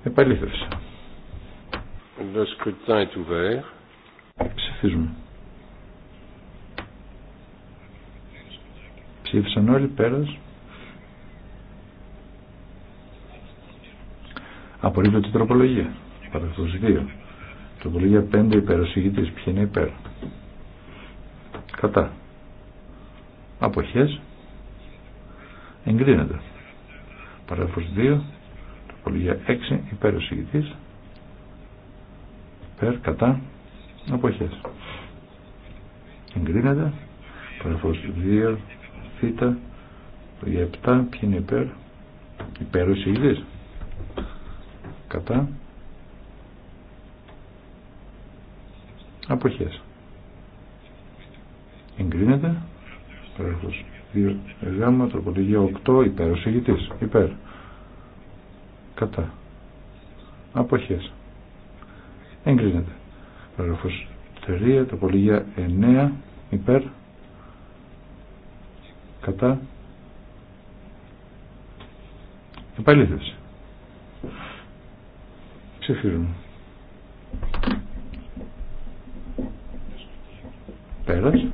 Επαλήθευσα. Le scrutin est ouvert. Ψηφίζουμε. Ψήφισαν όλοι πέρας. Απορρίπτω την τροπολογία. Παραγωγός 2. Τροπολογία 5 υπέρ. Ο ποιοι είναι υπέρ. Κατά. Αποχές. Εγκρίνεται. Παράγραφος 2. το Τροπολογία 6 υπέρ. Ο συγητής. Υπέρ. Κατά. Αποχές. Εγκρίνεται. Παράγραφος 2. Το Τροπολογία 7. Ποιοι είναι υπέρ. Υπέρ ο Κατά. Αποχές. Εγκρίνεται. Παράγραφος 2 2Γ, τροπολογία 8, υπέρ. Ο υπέρ. Κατά. Αποχές. Εγκρίνεται. Παράγραφος 3, τροπολογία 9, υπέρ. Κατά. Επαλήθευση. Ξεφύρουμε. Πέρας.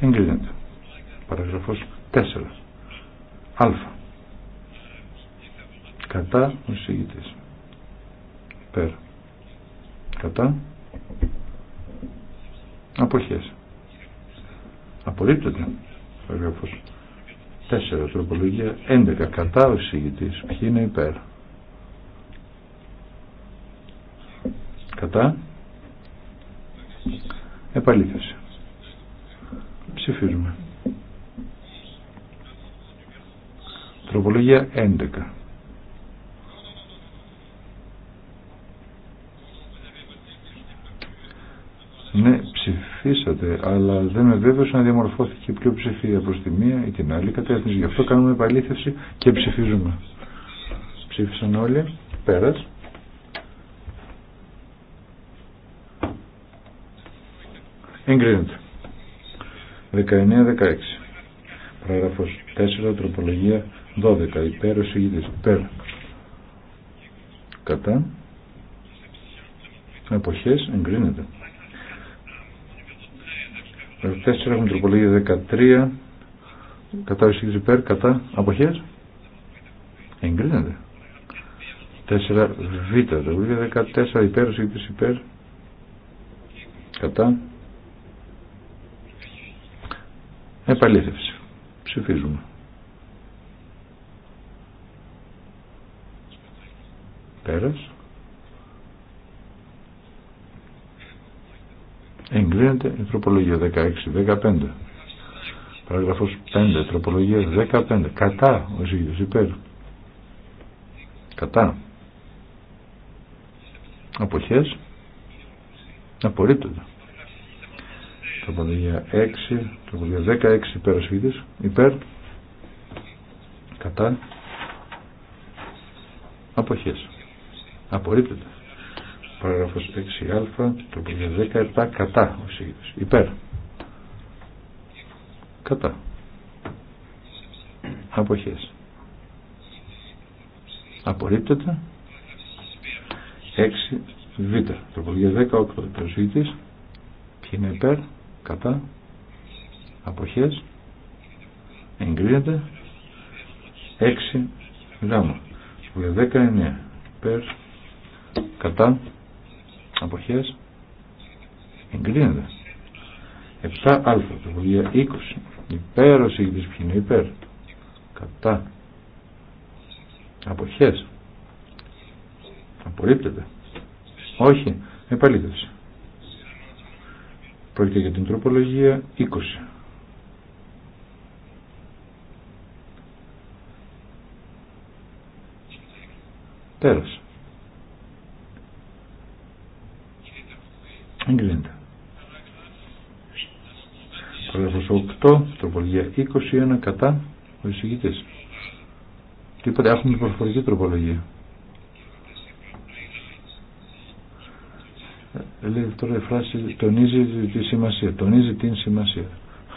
Εγκρίνεται. Παραγραφός 4. Α. Κατά ο εισηγητής. Πέρα. Κατά. Αποχές. Απορρίπτεται. Παραγραφός 4. Τροπολογία 11. Κατά ο εισηγητής. Ποιοι είναι υπέρα. κατά επαλήθευση ψηφίζουμε τροπολογία 11 Ναι, ψηφίσατε, αλλά δεν με βέβαιος να διαμορφώθηκε πιο ψηφία προς τη μία ή την άλλη κατεύθυνση. Γι' αυτό κάνουμε επαλήθευση και ψηφίζουμε. Ψήφισαν όλοι, πέρας. εγκρίνεται. 19-16. Παράγραφο 4, τροπολογία 12. Υπέρ ο Υπέρ. Κατά. Εποχές εγκρίνεται. 4 έχουμε τροπολογία 13. Κατά ο υπέρ. Κατά. Αποχές. Εγκρίνεται. 4 β. Τροπολογία 14. Υπέρ ο υπέρ. Κατά. Επαλήθευση. Ψηφίζουμε. Πέρας. Εγκρίνεται η τροπολογία 16-15. Παραγραφός 5, τροπολογία 15. Κατά ο Ζήγητος υπέρ. Κατά. Αποχές. Απορρίπτονται. Τροπολογία 6, τροπολογία 16 υπέρ ο υπερ υπέρ, κατά, αποχές. Απορρίπτεται. Παράγραφος 6α, τροπολογία 17, κατά ο υπέρ, κατά, αποχές. Απορρίπτεται. 6 β. Τροπολογία 18 υπέρ ο είναι υπέρ, κατά αποχές εγκρίνεται 6 γάμα 19 περ κατά αποχές εγκρίνεται 7α τροπολογία 20 υπέρωση, ο ποινή υπέρ κατά αποχές απορρίπτεται όχι επαλήθευση Πρόκειται για την τροπολογία 20. Τέλος. Εγκλίνεται. Παράγραφος 8, τροπολογία 21, κατά, ο εισηγητής. Τίποτα, έχουμε προφορική τροπολογία. λέει τώρα η φράση τονίζει τη σημασία, τονίζει την σημασία.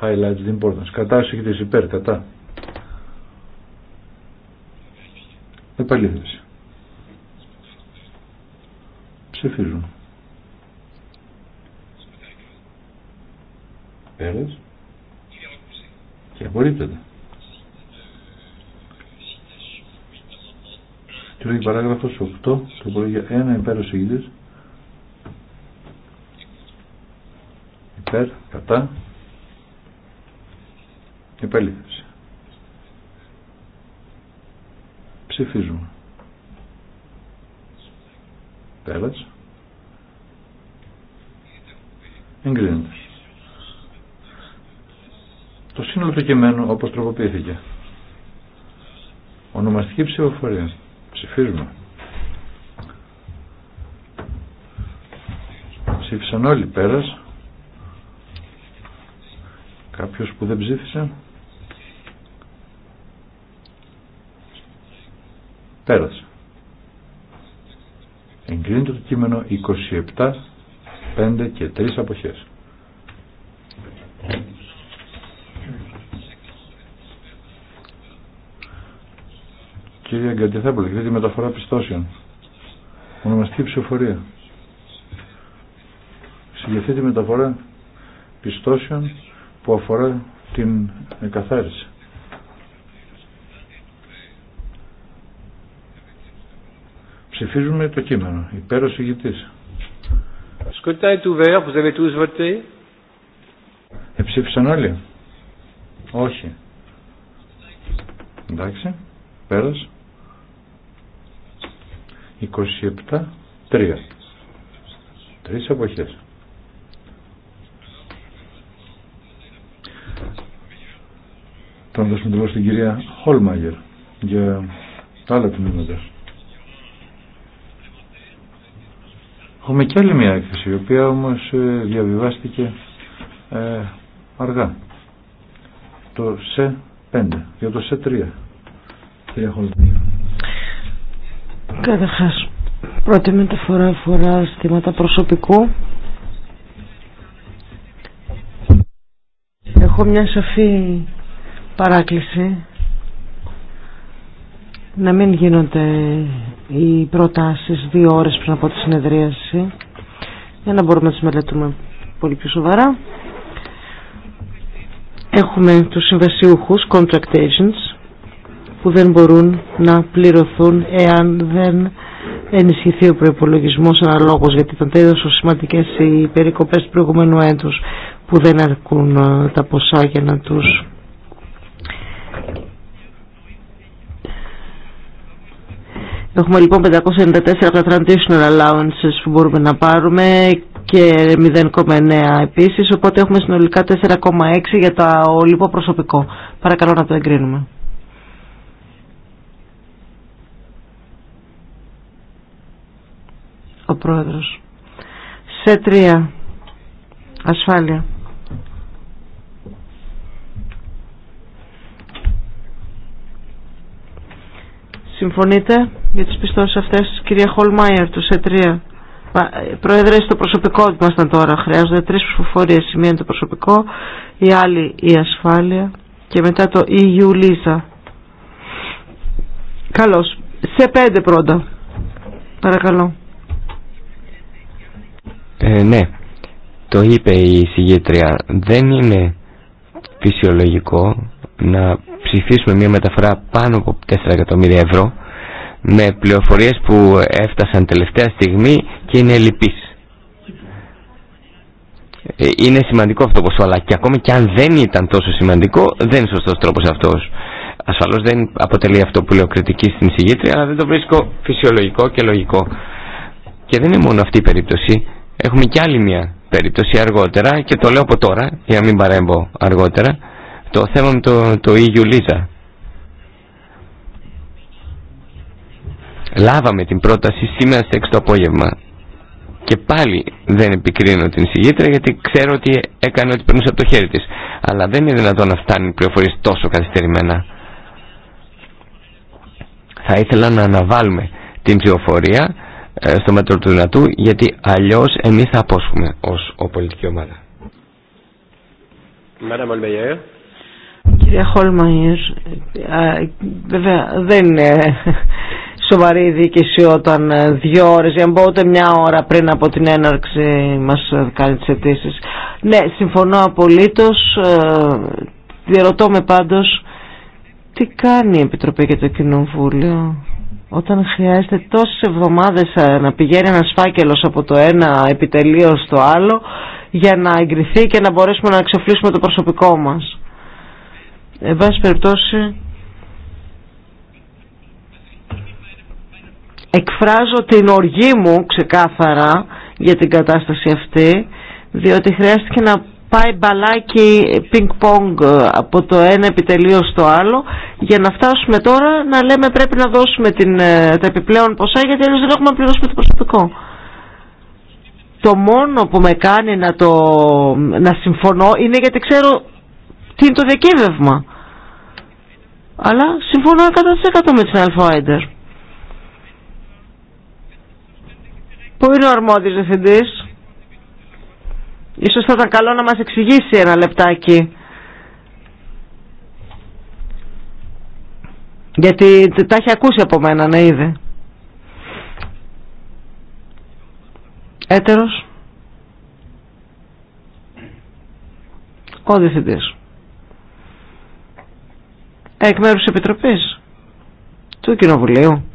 Highlight the importance. Κατά σου έχετε υπέρ, κατά. Επαλήθευση. Ψηφίζουν. Πέρας. Και απορρίπτεται. Τρώγει παράγραφος 8, το πρωί 1 υπέρ ο υπέρ, κατά, επελήθευση. Ψηφίζουμε. Πέρας. Εγκρίνεται. Το σύνολο του κειμένου όπως τροποποιήθηκε. Ονομαστική ψηφοφορία. Ψηφίζουμε. Ψήφισαν όλοι πέρας που δεν ψήφισε. Πέρασε. Εγκρίνεται το κείμενο 27, 5 και 3 αποχές. Κύριε Γκαντιθάπολη, κύριε τη μεταφορά πιστώσεων. Ονομαστική ψηφοφορία. Συγκεκριμένη τη μεταφορά πιστώσεων που αφορά την εκαθάριση. Ψηφίζουμε το κείμενο. υπερος Υπέρος Σκοτάει του που δεν Εψήφισαν όλοι. Όχι. Εντάξει. Πέρας. 27. 3. Τρεις εποχές. να δώσουμε το λόγο στην κυρία Χόλμαγερ για τα άλλα τμήματα. Έχουμε και άλλη μια έκθεση, η οποία όμως ε, διαβιβάστηκε ε, αργά. Το σε 5 για το σε 3. Κυρία Χόλμαγερ. Καταρχάς, πρώτη μεταφορά αφορά στήματα προσωπικού. Έχω μια σαφή παράκληση να μην γίνονται οι προτάσεις δύο ώρες πριν από τη συνεδρίαση για να μπορούμε να τις μελετούμε πολύ πιο σοβαρά. Έχουμε τους συμβασιούχους, contract agents, που δεν μπορούν να πληρωθούν εάν δεν ενισχυθεί ο προϋπολογισμός αναλόγως, γιατί ήταν τέτοιες σημαντικές οι περικοπές του προηγούμενου έτους που δεν αρκούν ε, τα ποσά για να τους Έχουμε λοιπόν 594 από τα allowances που μπορούμε να πάρουμε και 0,9 επίσης, οπότε έχουμε συνολικά 4,6 για το λοιπόν προσωπικό. Παρακαλώ να το εγκρίνουμε. Ο πρόεδρος. Σε τρία. Ασφάλεια. Συμφωνείτε για τις πιστώσεις αυτές κυρία Χολμάιερ του ΣΕΤΡΙΑ. Ε, πρόεδρε, το προσωπικό ήμασταν τώρα. Χρειάζονται τρει ψηφοφορίε. Η μία είναι το προσωπικό, η άλλη η ασφάλεια και μετά το EU Lisa. Καλώ. Σε πέντε πρώτα. Παρακαλώ. Ε, ναι, το είπε η συγγετρία. Δεν είναι φυσιολογικό να ψηφίσουμε μια μεταφορά πάνω από 4 εκατομμύρια ευρώ με πληροφορίες που έφτασαν τελευταία στιγμή και είναι ελλειπείς. Ε, είναι σημαντικό αυτό το ποσό, αλλά και ακόμη και αν δεν ήταν τόσο σημαντικό, δεν είναι σωστός τρόπος αυτός. Ασφαλώς δεν αποτελεί αυτό που λέω κριτική στην συγγήτρια, αλλά δεν το βρίσκω φυσιολογικό και λογικό. Και δεν είναι μόνο αυτή η περίπτωση. Έχουμε και άλλη μια περίπτωση αργότερα, και το λέω από τώρα, για να μην παρέμβω αργότερα, το θέμα με το, το EU Λάβαμε την πρόταση σήμερα στις 6 το απόγευμα. Και πάλι δεν επικρίνω την συγγήτρια γιατί ξέρω ότι έκανε ό,τι περνούσε από το χέρι της. Αλλά δεν είναι δυνατόν να φτάνουν πληροφορίες τόσο καθυστερημένα. Θα ήθελα να αναβάλουμε την ψηφοφορία ε, στο μέτρο του δυνατού γιατί αλλιώς εμείς θα απόσχουμε ως ο πολιτική ομάδα. Κυρία ε, ε, βέβαια δεν σοβαρή διοίκηση όταν ε, δύο ώρες ή αν ούτε μια ώρα πριν από την έναρξη μας ε, κάνει τις αιτήσει. Ναι, συμφωνώ απολύτως. Ε, Διερωτώ με πάντως τι κάνει Για να ουτε μια ωρα πριν απο την εναρξη μας κανει τι αιτησει ναι συμφωνω απολυτως διερωτω με παντως τι κανει η επιτροπη και το Κοινοβούλιο όταν χρειάζεται τόσες εβδομάδες να πηγαίνει ένα φάκελος από το ένα επιτελείο στο άλλο για να εγκριθεί και να μπορέσουμε να εξοφλήσουμε το προσωπικό μας. Εν πάση περιπτώσει εκφράζω την οργή μου ξεκάθαρα για την κατάσταση αυτή διότι χρειάστηκε να πάει μπαλάκι πινκ πονγκ από το ένα επιτελείο στο άλλο για να φτάσουμε τώρα να λέμε πρέπει να δώσουμε την, ε, τα επιπλέον ποσά γιατί αλλιώς δεν έχουμε πληρώσει πληρώσουμε το προσωπικό. Το μόνο που με κάνει να, το, να συμφωνώ είναι γιατί ξέρω τι είναι το διακύβευμα. Αλλά συμφωνώ 100% με την Αλφαέντερ. Πού είναι ο αρμόδιος διευθυντής? Ίσως θα ήταν καλό να μας εξηγήσει ένα λεπτάκι. Γιατί τα έχει ακούσει από μένα, ναι, είδε. Έτερος. Ο διευθυντής. Εκ μέρους της Επιτροπής. Του Κοινοβουλίου.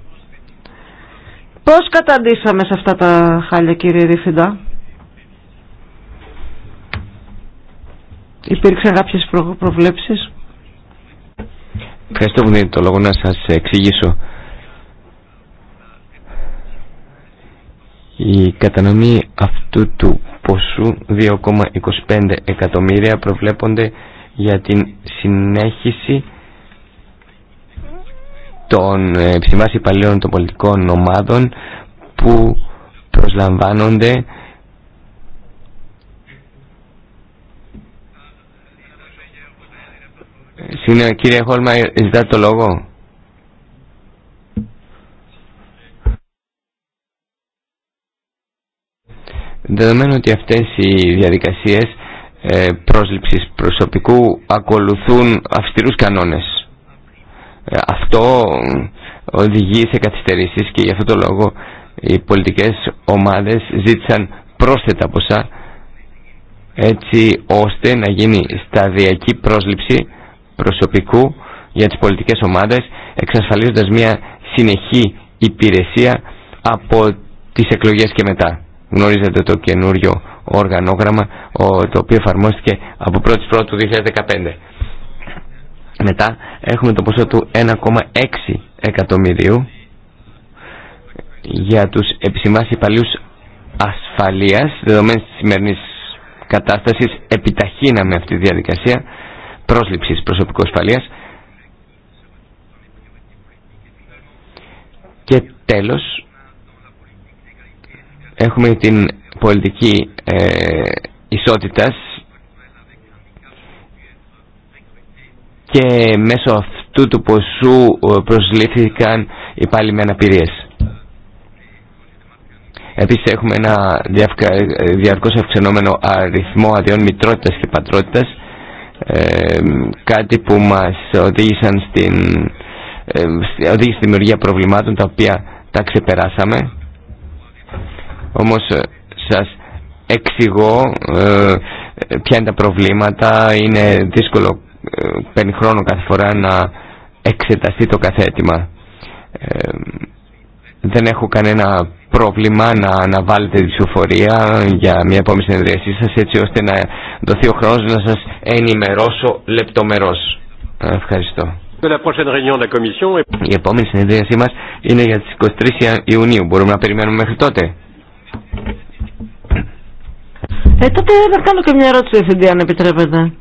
Πώς καταντήσαμε σε αυτά τα χάλια κύριε Ρίφιντα. Υπήρξαν κάποιες προ... προβλέψεις. Ευχαριστώ που δίνετε το λόγο να σας εξηγήσω. Η κατανομή αυτού του ποσού 2,25 εκατομμύρια προβλέπονται για την συνέχιση των ψημάς υπαλλήλων των πολιτικών ομάδων που προσλαμβάνονται Συνε, κύριε Χόλμα, ζητάτε το λόγο. Δεδομένου ότι αυτές οι διαδικασίες ε, πρόσληψης προσωπικού ακολουθούν αυστηρούς κανόνες. Ε, αυτό οδηγεί σε καθυστερήσεις και για αυτό το λόγο οι πολιτικές ομάδες ζήτησαν πρόσθετα ποσά έτσι ώστε να γίνει σταδιακή πρόσληψη προσωπικού για τις πολιτικές ομάδες εξασφαλίζοντας μια συνεχή υπηρεσία από τις εκλογές και μετά. Γνωρίζετε το καινούριο οργανόγραμμα το οποίο εφαρμόστηκε από 1η 1ου 2015. Μετά έχουμε το ποσό του 1,6 εκατομμυρίου για τους επισημάς υπαλλήλους ασφαλείας, δεδομένης της σημερινής κατάστασης, επιταχύναμε αυτή τη διαδικασία πρόσληψης προσωπικού ασφαλείας. Και τέλος, έχουμε την πολιτική ε, και μέσω αυτού του ποσού ε, προσλήθηκαν οι πάλι με αναπηρίες. Επίσης έχουμε ένα διαρκώς αυξανόμενο αριθμό αδειών μητρότητας και πατρότητας, ε, κάτι που μας οδήγησαν στην, ε, οδήγησε στη δημιουργία προβλημάτων τα οποία τα ξεπεράσαμε. Όμως σας εξηγώ ποια είναι τα προβλήματα, είναι δύσκολο παίρνει χρόνο κάθε φορά να εξεταστεί το καθέτημα. Ε, δεν έχω κανένα πρόβλημα να αναβάλλετε τη για μια επόμενη συνεδρίασή σας έτσι ώστε να δοθεί ο χρόνος να σας ενημερώσω λεπτομερώς. Ευχαριστώ. Η επόμενη συνεδρίασή μας είναι για τις 23 Ιουνίου. Μπορούμε να περιμένουμε μέχρι τότε. Ε, τότε να κάνω και μια ερώτηση, Ευθυντή, αν επιτρέπετε.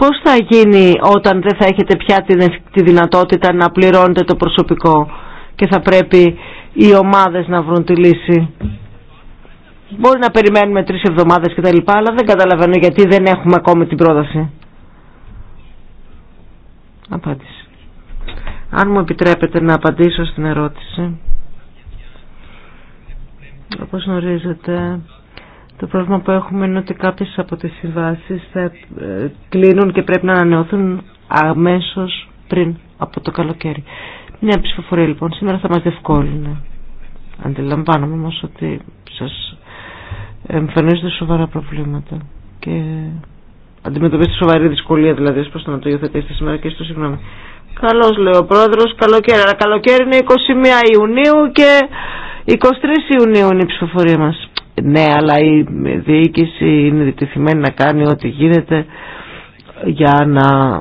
Πώς θα γίνει όταν δεν θα έχετε πια τη δυνατότητα να πληρώνετε το προσωπικό και θα πρέπει οι ομάδες να βρουν τη λύση. Μπορεί να περιμένουμε τρεις εβδομάδες και τα λοιπά, αλλά δεν καταλαβαίνω γιατί δεν έχουμε ακόμη την πρόταση. Απάντηση. Αν μου επιτρέπετε να απαντήσω στην ερώτηση. Όπως γνωρίζετε, το πρόβλημα που έχουμε είναι ότι κάποιες από τις συμβάσεις θα ε, κλείνουν και πρέπει να ανανεώθουν αμέσως πριν από το καλοκαίρι. Μια ψηφοφορία λοιπόν σήμερα θα μας διευκόλυνε. Αντιλαμβάνομαι όμως ότι σας εμφανίζονται σοβαρά προβλήματα και αντιμετωπίζετε σοβαρή δυσκολία δηλαδή προς το να το υιοθετήσετε σήμερα και στο συγγνώμη. Καλώς λέει ο πρόεδρος, καλοκαίρι. Αλλά καλοκαίρι είναι 21 Ιουνίου και 23 Ιουνίου είναι η ψηφοφορία μας ναι αλλά η διοίκηση είναι διτεθειμένη να κάνει ό,τι γίνεται για να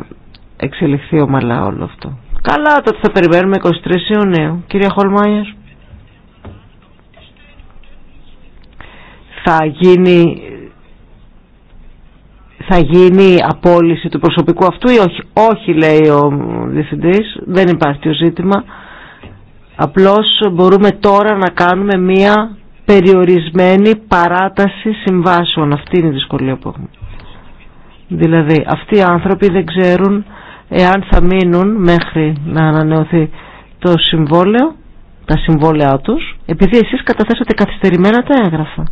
εξελιχθεί ομαλά όλο αυτό. Καλά, τότε θα περιμένουμε 23 Ιουνίου. Κυρία Χολμάιερ. Θα γίνει, θα γίνει απόλυση του προσωπικού αυτού ή όχι. Όχι λέει ο διευθυντής, δεν υπάρχει το ζήτημα. Απλώς μπορούμε τώρα να κάνουμε μία περιορισμένη παράταση συμβάσεων. Αυτή είναι η δυσκολία που έχουμε. Δηλαδή αυτοί οι άνθρωποι δεν ξέρουν εάν θα μείνουν μέχρι να ανανεωθεί το συμβόλαιο, τα συμβόλαιά τους, επειδή εσείς καταθέσατε καθυστερημένα τα έγγραφα.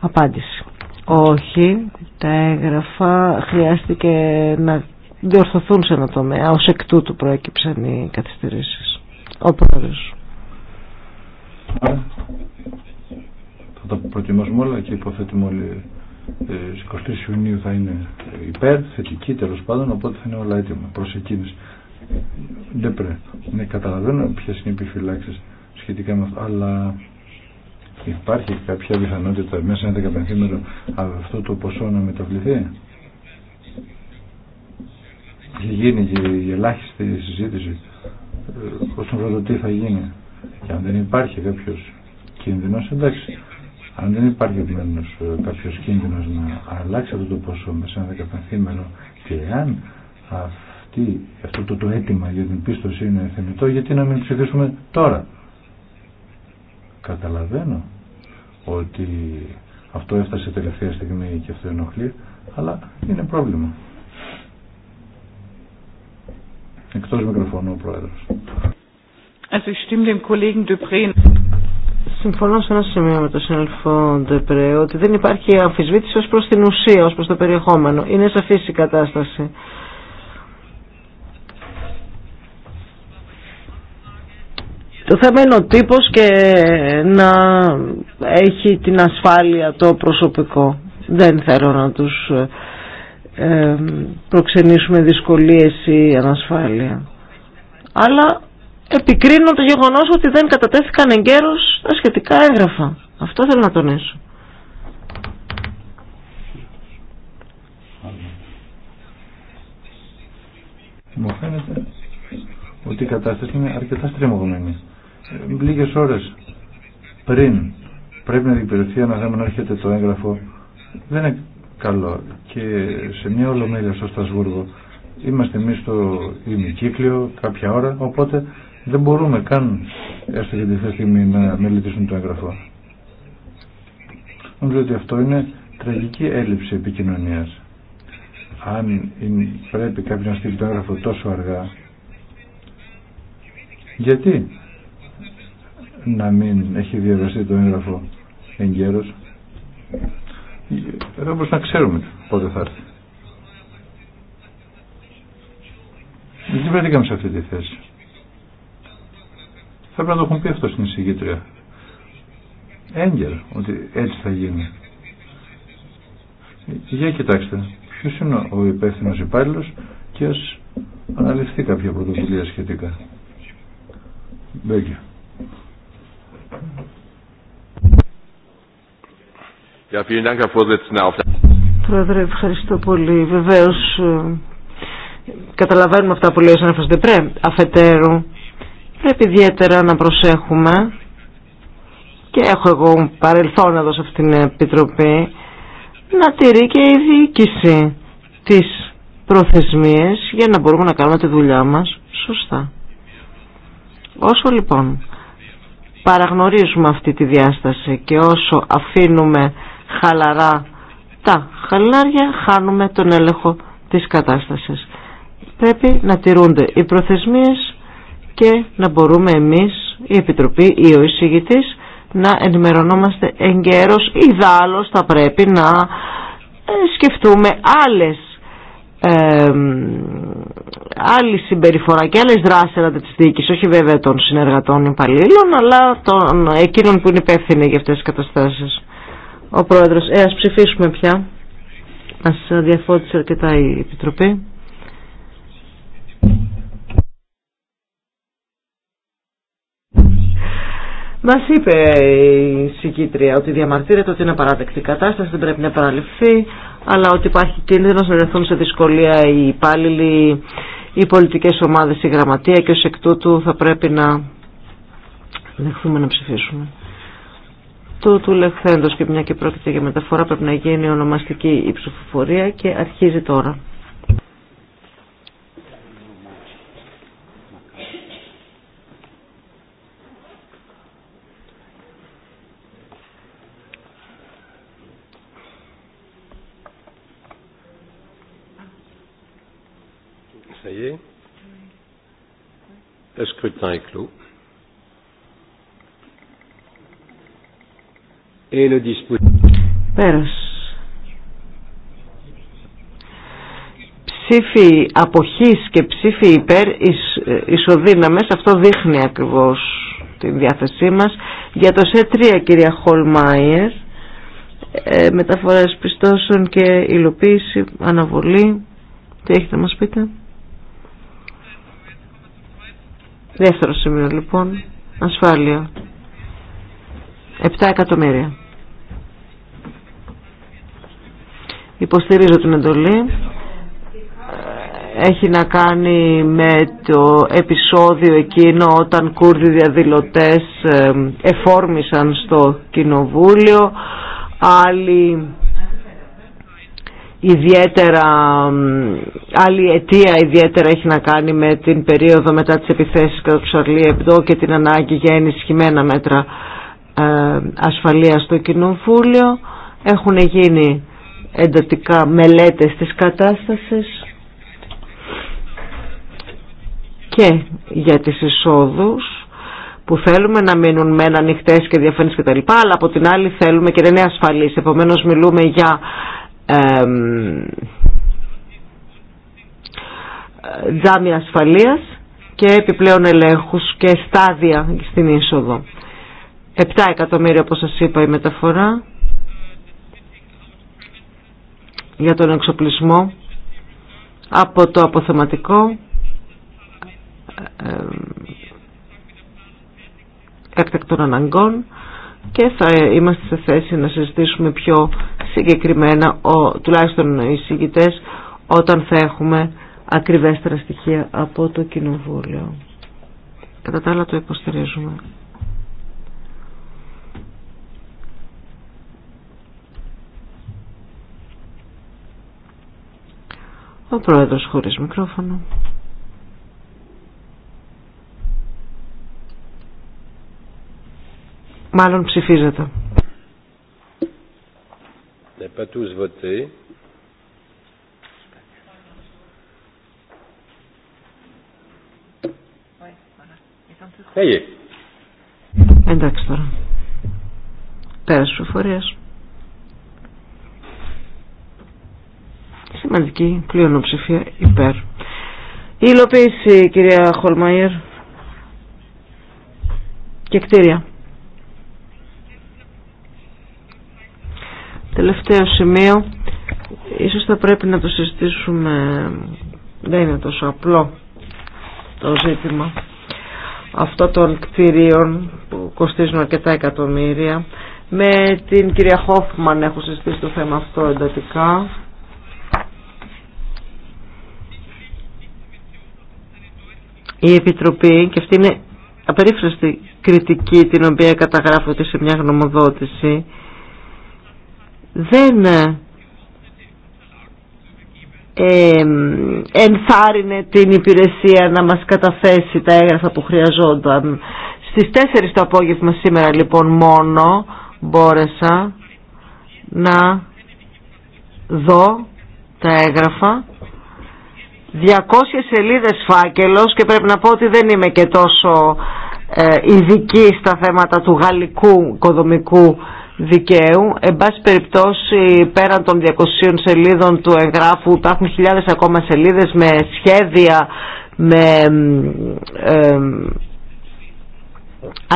Απάντηση. Όχι, τα έγγραφα χρειάστηκε να διορθωθούν σε ένα τομέα, ως εκ τούτου προέκυψαν οι καθυστερήσεις. Ο πρόεδρος θα τα προτιμώσουμε όλα και υποθέτουμε όλοι ε, στις 23 Ιουνίου θα είναι υπέρ, θετική τέλο πάντων, οπότε θα είναι όλα έτοιμα προ εκείνες. Δεν πρέπει. Ναι, καταλαβαίνω ποιε είναι οι επιφυλάξει σχετικά με αυτό, αλλά υπάρχει κάποια πιθανότητα μέσα σε ένα 15 μέρο αυτό το ποσό να μεταβληθεί. εχει γίνει και η ελάχιστη συζήτηση ε, όσον αφορά τι θα γίνει. Και αν δεν υπάρχει κάποιο κίνδυνο, εντάξει. Αν δεν υπάρχει επομένω ε, κάποιο κίνδυνο να αλλάξει αυτό το ποσό μέσα σε ένα και αν αυτή, αυτό το, το αίτημα για την πίστοση είναι θεμητό, γιατί να μην ψηφίσουμε τώρα. Καταλαβαίνω ότι αυτό έφτασε τελευταία στιγμή και αυτό ενοχλεί, αλλά είναι πρόβλημα. Εκτός μικροφωνού ο Πρόεδρος. Συμφωνώ σε ένα σημείο με τον συνελφό Ντεπρέ ότι δεν υπάρχει αμφισβήτηση ως προς την ουσία, ως προς το περιεχόμενο. Είναι σαφής η κατάσταση. Το θέμα είναι ο τύπος και να έχει την ασφάλεια το προσωπικό. Δεν θέλω να τους ε, προξενήσουμε δυσκολίες ή ανασφάλεια. Αλλά επικρίνω το γεγονό ότι δεν κατατέθηκαν εγκαίρω τα σχετικά έγγραφα. Αυτό θέλω να τονίσω. Μου φαίνεται ότι η κατάσταση είναι αρκετά στριμωγμένη. Λίγες ώρε. πριν πρέπει να διπηρεθεί ένα θέμα να έρχεται το έγγραφο. Δεν είναι καλό. Και σε μια ολομέλεια στο Στασβούργο είμαστε εμεί στο ημικύκλιο κάποια ώρα, οπότε δεν μπορούμε καν έστω και τη στιγμή να μελετήσουμε το έγγραφο. Νομίζω ότι αυτό είναι τραγική έλλειψη επικοινωνίας. Αν πρέπει κάποιος να στείλει το έγγραφο τόσο αργά, γιατί να μην έχει διαβαστεί το έγγραφο εγκαίρως. Ε, όπως να ξέρουμε πότε θα έρθει. Δεν βρέθηκαμε σε αυτή τη θέση. Θα πρέπει να το έχουν πει αυτό στην εισηγήτρια. Έγκαιρ ότι έτσι θα γίνει. Για κοιτάξτε, ποιος είναι ο υπεύθυνο υπάλληλο και ας αναλυφθεί κάποια πρωτοβουλία σχετικά. Μπέγκε. Πρόεδρε, ευχαριστώ πολύ. Βεβαίως, ε, καταλαβαίνουμε αυτά που λέει ο Σάνφος Αφετέρου, Πρέπει ιδιαίτερα να προσέχουμε και έχω εγώ παρελθόν εδώ σε αυτήν την επιτροπή να τηρεί και η διοίκηση τις προθεσμίες για να μπορούμε να κάνουμε τη δουλειά μας σωστά. Όσο λοιπόν παραγνωρίζουμε αυτή τη διάσταση και όσο αφήνουμε χαλαρά τα χαλάρια χάνουμε τον έλεγχο της κατάστασης. Πρέπει να τηρούνται οι προθεσμίες και να μπορούμε εμείς, η Επιτροπή ή ο εισηγητής, να ενημερωνόμαστε εγκαίρως ή δάλλως θα πρέπει να ε, σκεφτούμε άλλες ε, άλλη συμπεριφορά και άλλες δράσεις αντί της διοίκησης, όχι βέβαια των συνεργατών υπαλλήλων, αλλά των, εκείνων που είναι υπεύθυνοι για αυτές τις καταστάσεις. Ο Πρόεδρος, ε, ας ψηφίσουμε πια. ας διαφώτισε αρκετά η Επιτροπή. Μας είπε η συγκήτρια ότι διαμαρτύρεται ότι είναι παράδεκτη κατάσταση, δεν πρέπει να επαναληφθεί, αλλά ότι υπάρχει κίνδυνος να βρεθούν σε δυσκολία οι υπάλληλοι, οι πολιτικές ομάδες, η γραμματεία και ως εκ τούτου θα πρέπει να δεχθούμε να ψηφίσουμε. το του λεχθέντος και μια και πρόκειται για μεταφορά πρέπει να γίνει ονομαστική η ψηφοφορία και αρχίζει τώρα. voyez. Le scrutin est clos. Et le dispositif. αποχής και ψήφοι υπέρ ε, ισοδύναμες, αυτό δείχνει ακριβώς την διάθεσή μας. Για το ΣΕ3 κυρία Χολμάιερ, ε, μεταφορέ πιστώσεων και υλοποίηση, αναβολή, τι έχετε να μας πείτε. Δεύτερο σημείο λοιπόν, ασφάλεια. 7 εκατομμύρια. Υποστηρίζω την εντολή. Ε, έχει να κάνει με το επεισόδιο εκείνο όταν Κούρδοι διαδηλωτές ε, εφόρμησαν στο κοινοβούλιο. Άλλοι ιδιαίτερα άλλη αιτία ιδιαίτερα έχει να κάνει με την περίοδο μετά τις επιθέσεις κατά του Σαρλί Επδό και την ανάγκη για ενισχυμένα μέτρα ε, ασφαλείας στο Κοινοβούλιο έχουν γίνει εντατικά μελέτες της κατάστασης και για τις εισόδους που θέλουμε να μείνουν μένα ανοιχτέ και διαφανεί κτλ. Αλλά από την άλλη θέλουμε και δεν είναι ασφαλεί. Επομένω, μιλούμε για τζάμια ασφαλείας και επιπλέον ελέγχους και στάδια στην είσοδο. 7 εκατομμύρια όπως σας είπα η μεταφορά για τον εξοπλισμό από το αποθεματικό έκτακτων αναγκών και θα είμαστε σε θέση να συζητήσουμε πιο συγκεκριμένα, ο, τουλάχιστον οι συγκητές, όταν θα έχουμε ακριβέστερα στοιχεία από το Κοινοβούλιο. Κατά τα άλλα το υποστηρίζουμε. Ο πρόεδρος χωρίς μικρόφωνο. Μάλλον ψηφίζεται n'avez pas tous voté. Εντάξει τώρα. Πέρασε ψηφοφορία. Σημαντική πλειονοψηφία υπέρ. Η υλοποίηση, κυρία Χολμαϊρ. Και κτίρια. Τελευταίο σημείο, ίσως θα πρέπει να το συζητήσουμε, δεν είναι τόσο απλό το ζήτημα αυτό των κτηρίων που κοστίζουν αρκετά εκατομμύρια. Με την κυρία Χόφμαν έχω συζητήσει το θέμα αυτό εντατικά. Η Επιτροπή, και αυτή είναι απερίφραστη κριτική την οποία καταγράφεται σε μια γνωμοδότηση, δεν ε, ενθάρρυνε την υπηρεσία να μας καταθέσει τα έγγραφα που χρειαζόταν. Στις 4 το απόγευμα σήμερα λοιπόν μόνο μπόρεσα να δω τα έγγραφα 200 σελίδες φάκελος και πρέπει να πω ότι δεν είμαι και τόσο ε, ειδική στα θέματα του γαλλικού οικοδομικού δικαίου. Εν πάση περιπτώσει πέραν των 200 σελίδων του εγγράφου υπάρχουν χιλιάδες ακόμα σελίδες με σχέδια, με ε,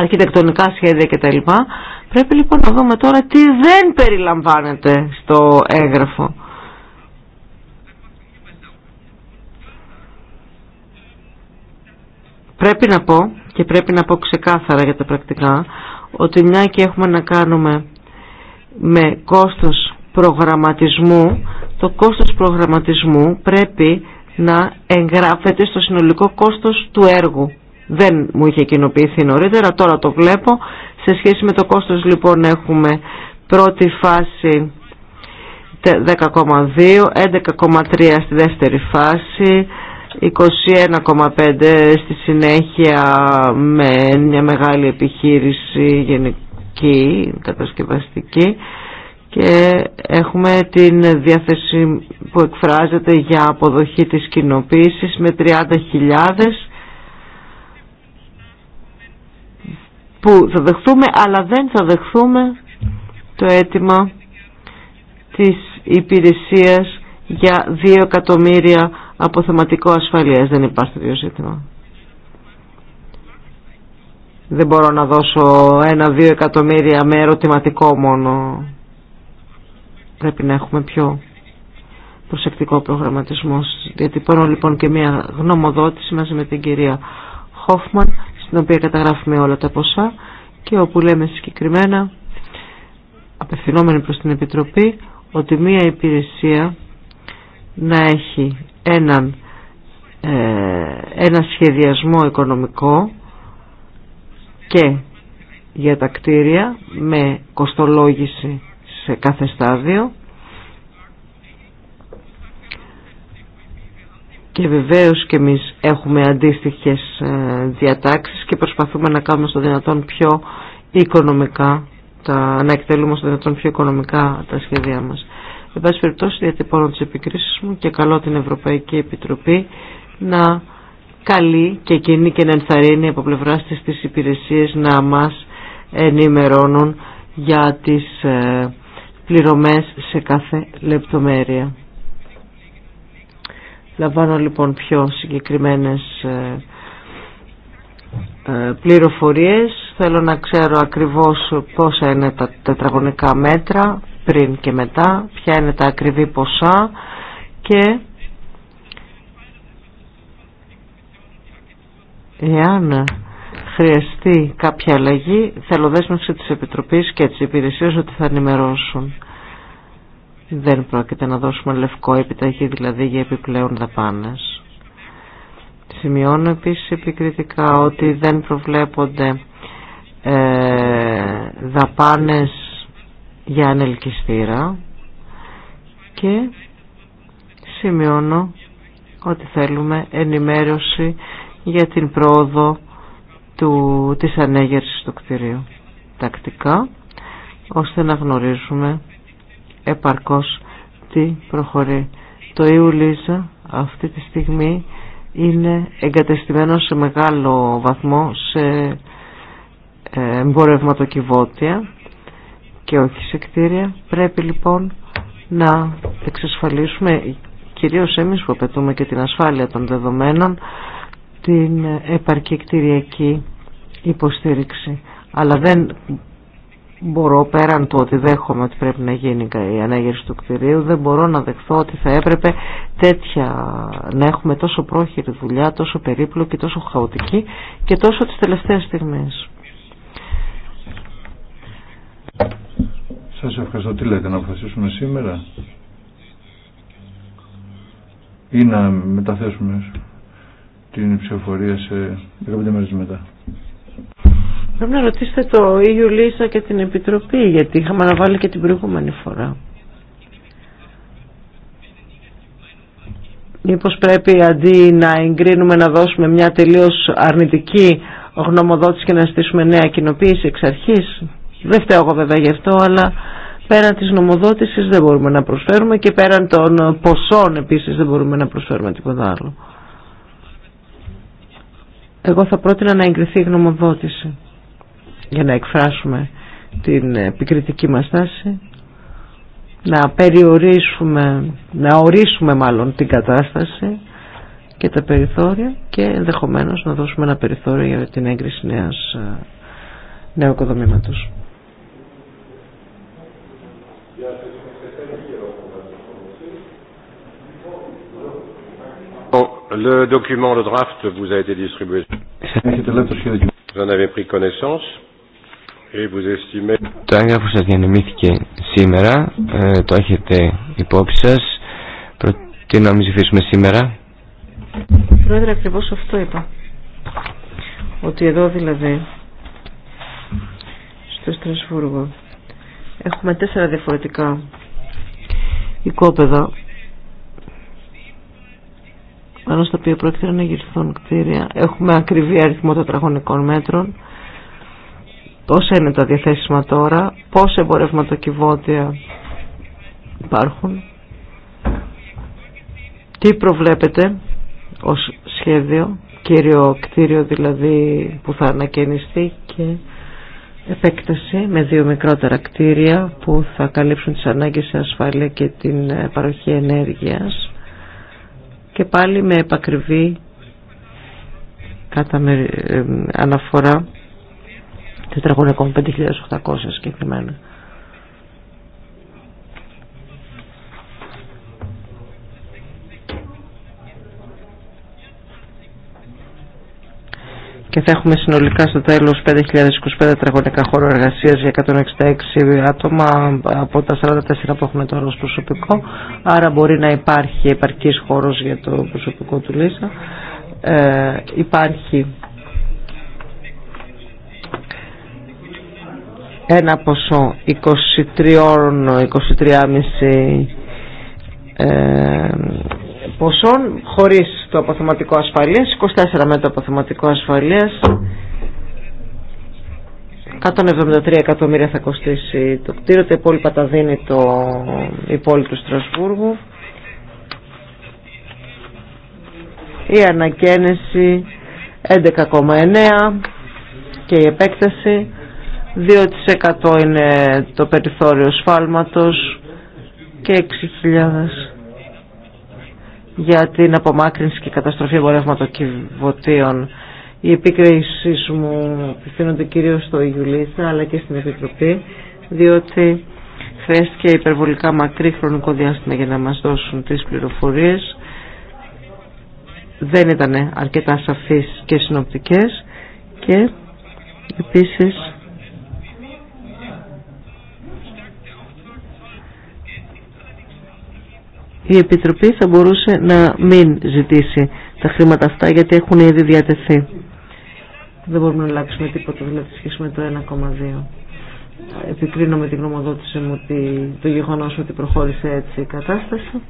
αρχιτεκτονικά σχέδια κτλ. Πρέπει λοιπόν να δούμε τώρα τι δεν περιλαμβάνεται στο έγγραφο. Πρέπει να πω και πρέπει να πω ξεκάθαρα για τα πρακτικά ότι μια και έχουμε να κάνουμε με κόστος προγραμματισμού, το κόστος προγραμματισμού πρέπει να εγγράφεται στο συνολικό κόστος του έργου. Δεν μου είχε κοινοποιηθεί νωρίτερα, τώρα το βλέπω. Σε σχέση με το κόστος λοιπόν έχουμε πρώτη φάση 10,2, 11,3 στη δεύτερη φάση, 21,5 στη συνέχεια με μια μεγάλη επιχείρηση γενικά και έχουμε την διάθεση που εκφράζεται για αποδοχή της κοινοποίηση με 30.000 που θα δεχθούμε αλλά δεν θα δεχθούμε το αίτημα της υπηρεσίας για 2 εκατομμύρια αποθεματικό ασφαλείας. Δεν υπάρχει τέτοιο ζήτημα. Δεν μπορώ να δώσω ένα-δύο εκατομμύρια με ερωτηματικό μόνο. Πρέπει να έχουμε πιο προσεκτικό προγραμματισμό. Διατυπώνω λοιπόν και μια γνωμοδότηση μαζί με την κυρία Χόφμαν, στην οποία καταγράφουμε όλα τα ποσά και όπου λέμε συγκεκριμένα, απευθυνόμενοι προς την Επιτροπή, ότι μια υπηρεσία να έχει έναν, ε, ένα σχεδιασμό οικονομικό και για τα κτίρια με κοστολόγηση σε κάθε στάδιο και βεβαίως και εμείς έχουμε αντίστοιχες ε, διατάξεις και προσπαθούμε να κάνουμε στο δυνατόν πιο οικονομικά τα, να εκτελούμε στο δυνατόν πιο οικονομικά τα σχέδιά μας. Εν πάση περιπτώσει διατυπώνω τις επικρίσεις μου και καλώ την Ευρωπαϊκή Επιτροπή να Καλή και εκείνη και να ενθαρρύνει από πλευρά της τις υπηρεσίες να μας ενημερώνουν για τις ε, πληρωμές σε κάθε λεπτομέρεια. Λαμβάνω λοιπόν πιο συγκεκριμένες ε, ε, πληροφορίες. Θέλω να ξέρω ακριβώς πόσα είναι τα τετραγωνικά μέτρα πριν και μετά, ποια είναι τα ακριβή ποσά και εάν χρειαστεί κάποια αλλαγή θέλω δέσμευση της Επιτροπής και της υπηρεσίας ότι θα ενημερώσουν. Δεν πρόκειται να δώσουμε λευκό επιταγή δηλαδή για επιπλέον δαπάνες. Σημειώνω επίσης επικριτικά ότι δεν προβλέπονται ε, δαπάνες για ανελκυστήρα και σημειώνω ότι θέλουμε ενημέρωση για την πρόοδο του, της ανέγερσης του κτηρίου τακτικά ώστε να γνωρίζουμε επαρκώς τι προχωρεί. Το Ιουλίζα αυτή τη στιγμή είναι εγκατεστημένο σε μεγάλο βαθμό σε ε, εμπορευματοκιβώτια και όχι σε κτίρια. Πρέπει λοιπόν να εξασφαλίσουμε κυρίως εμείς που απαιτούμε και την ασφάλεια των δεδομένων την επαρκή κτηριακή υποστήριξη. Αλλά δεν μπορώ πέραν του ότι δέχομαι ότι πρέπει να γίνει η ανέγερση του κτηρίου δεν μπορώ να δεχθώ ότι θα έπρεπε τέτοια να έχουμε τόσο πρόχειρη δουλειά, τόσο περίπλοκη, τόσο χαοτική και τόσο τις τελευταίες στιγμές. Σας ευχαριστώ. Τι λέτε να αποφασίσουμε σήμερα ή να μεταθέσουμε την ψηφοφορία σε 15 μέρες μετά. Πρέπει να ρωτήσετε το ίδιο Λίσα και την Επιτροπή, γιατί είχαμε αναβάλει και την προηγούμενη φορά. Μήπω πρέπει αντί να εγκρίνουμε να δώσουμε μια τελείως αρνητική γνωμοδότηση και να στήσουμε νέα κοινοποίηση εξ αρχής. Δεν φταίω εγώ βέβαια γι' αυτό, αλλά πέραν της νομοδότησης δεν μπορούμε να προσφέρουμε και πέραν των ποσών επίσης δεν μπορούμε να προσφέρουμε τίποτα άλλο εγώ θα πρότεινα να εγκριθεί η γνωμοδότηση για να εκφράσουμε την επικριτική μας στάση, να περιορίσουμε, να ορίσουμε μάλλον την κατάσταση και τα περιθώρια και ενδεχομένως να δώσουμε ένα περιθώριο για την έγκριση νέας, ε, νέου οικοδομήματος. Le document, le draft vous a été distribué. Vous en avez pris connaissance Το έγγραφο σα διανεμήθηκε σήμερα, ε, το έχετε υπόψη σα, Προτείνω να μην ψηφίσουμε σήμερα. Πρόεδρε, ακριβώ αυτό είπα. Ότι εδώ δηλαδή, στο Στρασβούργο, έχουμε τέσσερα διαφορετικά οικόπεδα πάνω στο οποίο πρόκειται να γυρθούν κτίρια. Έχουμε ακριβή αριθμό τετραγωνικών μέτρων. Πόσα είναι τα διαθέσιμα τώρα, πόσα εμπορευματοκιβώτια υπάρχουν, τι προβλέπετε ως σχέδιο, κύριο κτίριο δηλαδή που θα ανακαινιστεί και επέκταση με δύο μικρότερα κτίρια που θα καλύψουν τις ανάγκες σε ασφάλεια και την παροχή ενέργειας και πάλι με επακριβή με, ε, ε αναφορά τετραγωνικών 5.800 συγκεκριμένα. και θα έχουμε συνολικά στο τέλος 5.025 τετραγωνικά χώρο εργασίας για 166 άτομα από τα 44 που έχουμε τώρα ως προσωπικό άρα μπορεί να υπάρχει επαρκής χώρος για το προσωπικό του Λίσα ε, υπάρχει ένα ποσό 23,5 ε, ποσών χωρίς το αποθεματικό ασφαλείας, 24 μέτρα το αποθεματικό ασφαλείας, 173 εκατομμύρια θα κοστίσει το κτίριο, τα υπόλοιπα τα δίνει το υπόλοιπο του Στρασβούργου. Η ανακαίνιση 11,9 και η επέκταση 2% είναι το περιθώριο σφάλματος και 6.000 για την απομάκρυνση και καταστροφή εμπορεύματοκιβωτίων. Οι επίκρισεις μου απευθύνονται κυρίως στο Ιουλίθα αλλά και στην Επιτροπή διότι χρειάστηκε υπερβολικά μακρύ χρονικό διάστημα για να μα δώσουν τις πληροφορίες. Δεν ήταν αρκετά σαφείς και συνοπτικές και επίσης η Επιτροπή θα μπορούσε να μην ζητήσει τα χρήματα αυτά γιατί έχουν ήδη διατεθεί. Δεν μπορούμε να αλλάξουμε τίποτα δηλαδή σχέση με το 1,2. Επικρίνω με την γνωμοδότηση μου ότι το γεγονός ότι προχώρησε έτσι η κατάσταση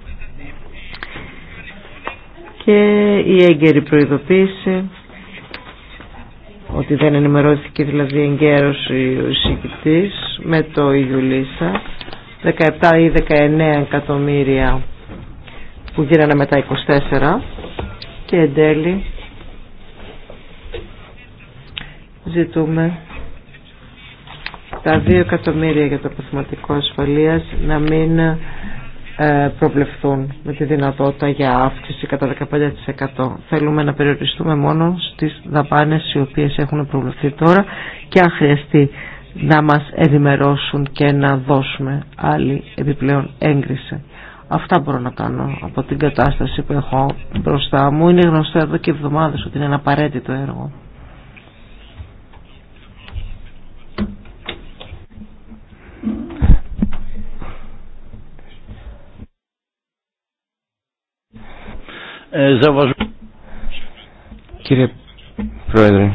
και η έγκαιρη προειδοποίηση ότι δεν ενημερώθηκε δηλαδή εγκαίρωση ο εισηγητής με το Ιουλίσσα 17 ή 19 εκατομμύρια που γίνανε μετά 24 και εν τέλει ζητούμε τα 2 εκατομμύρια για το αποθυματικό ασφαλείας να μην ε, προβλεφθούν με τη δυνατότητα για αύξηση κατά 15%. Θέλουμε να περιοριστούμε μόνο στις δαπάνες οι οποίες έχουν προβλεφθεί τώρα και αν χρειαστεί να μας ενημερώσουν και να δώσουμε άλλη επιπλέον έγκριση. Αυτά μπορώ να κάνω από την κατάσταση που έχω μπροστά μου. Είναι γνωστό εδώ και εβδομάδε, ότι είναι ένα απαραίτητο έργο. Ε, Κύριε Πρόεδρε,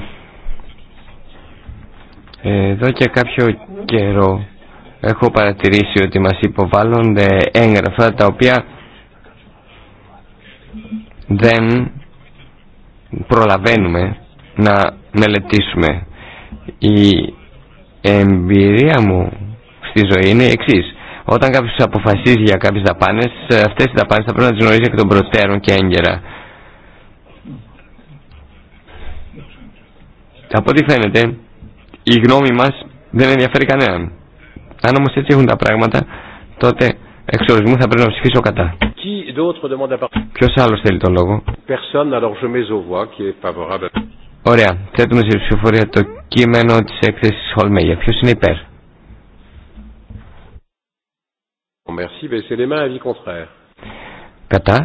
ε, εδώ και κάποιο καιρό έχω παρατηρήσει ότι μας υποβάλλονται έγγραφα τα οποία δεν προλαβαίνουμε να μελετήσουμε. Η εμπειρία μου στη ζωή είναι η εξή. Όταν κάποιο αποφασίζει για κάποιε δαπάνε, αυτέ οι δαπάνε θα πρέπει να τι γνωρίζει εκ των προτέρων και έγκαιρα. Από ό,τι φαίνεται, η γνώμη μα δεν ενδιαφέρει κανέναν. Αν όμω έτσι έχουν τα πράγματα, τότε εξορισμού θα πρέπει να ψηφίσω κατά. Ποιο άλλο θέλει τον λόγο? Ωραία, θέτουμε σε ψηφοφορία το κείμενο τη έκθεση Χολμέγια. Ποιο είναι υπέρ? Merci, les mains, contraire. Κατά.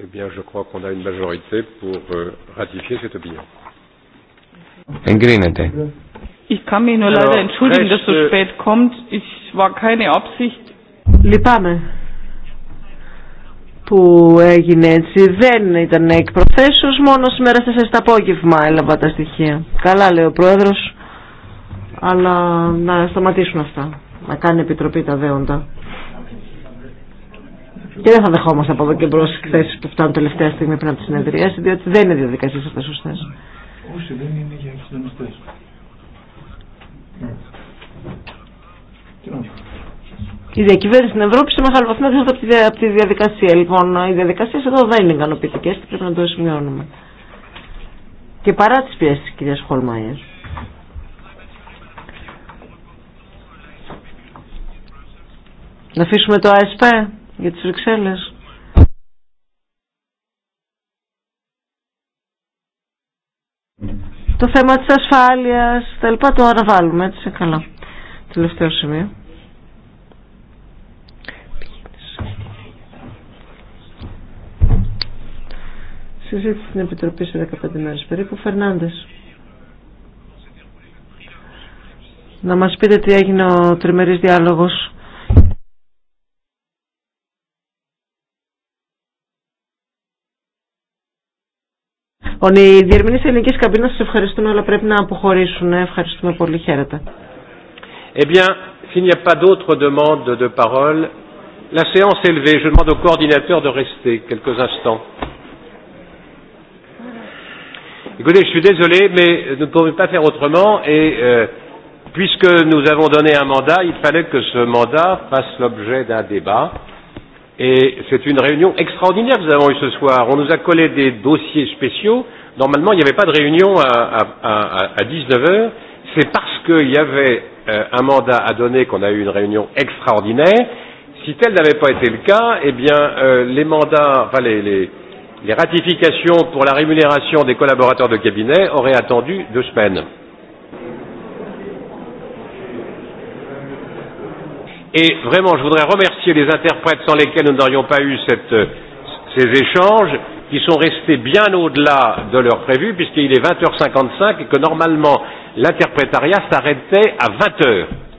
Eh bien, je crois qu'on a une majorité pour euh, ratifier cette opinion. Εγκρίνεται. Ich kann mich nur leider entschuldigen, dass äh, spät Ich war keine Absicht. Λυπάμαι που έγινε έτσι. Δεν ήταν εκπροθέσεως μόνο σήμερα στις 4 το απόγευμα έλαβα τα στοιχεία. Καλά λέει ο Πρόεδρος, αλλά να σταματήσουν αυτά. Να κάνει επιτροπή τα δέοντα. Και δεν θα δεχόμαστε από εδώ και μπρος εκθέσεις που φτάνουν τελευταία στιγμή πριν από τη συνεδρία διότι δεν είναι διαδικασίες αυτές σωστές. Όσοι δεν είναι για τους Η διακυβέρνηση στην Ευρώπη σε μεγάλο βαθμό έρχεται από τη διαδικασία. Λοιπόν, οι διαδικασίε εδώ δεν είναι ικανοποιητικέ και πρέπει να το σημειώνουμε. Και παρά τι πιέσει τη κυρία Χολμάιερ. Να αφήσουμε το ΑΕΣΠΕ για τις Βρυξέλλες. το θέμα της ασφάλειας, τα λοιπά, το αναβάλουμε, έτσι, καλά. Τελευταίο σημείο. Συζήτηση στην Επιτροπή σε 15 μέρες περίπου. Φερνάντες. Να μας πείτε τι έγινε ο τριμερής διάλογος οι διερμηνείς ελληνικής καμπίνας σας ευχαριστούν, αλλά πρέπει να αποχωρήσουν. Ευχαριστούμε πολύ. Χαίρετε. Eh bien, s'il n'y a pas d'autres demandes de parole, la séance est levée. Je demande au coordinateur de rester quelques instants. Écoutez, je suis désolé, mais nous ne pouvons pas faire autrement et puisque nous avons donné un mandat, il fallait que ce mandat fasse l'objet d'un débat. Et c'est une réunion extraordinaire que nous avons eue ce soir. On nous a collé des dossiers spéciaux. Normalement, il n'y avait pas de réunion à, à, à, 19 heures. C'est parce qu'il y avait un mandat à donner qu'on a eu une réunion extraordinaire. Si tel n'avait pas été le cas, eh bien, les mandats, enfin, les, les, les ratifications pour la rémunération des collaborateurs de cabinet auraient attendu deux semaines. Et vraiment, je voudrais remercier les interprètes sans lesquels nous n'aurions pas eu cette, ces échanges, qui sont restés bien au-delà de l'heure prévue, puisqu'il est 20h55 et que normalement l'interprétariat s'arrêtait à 20h.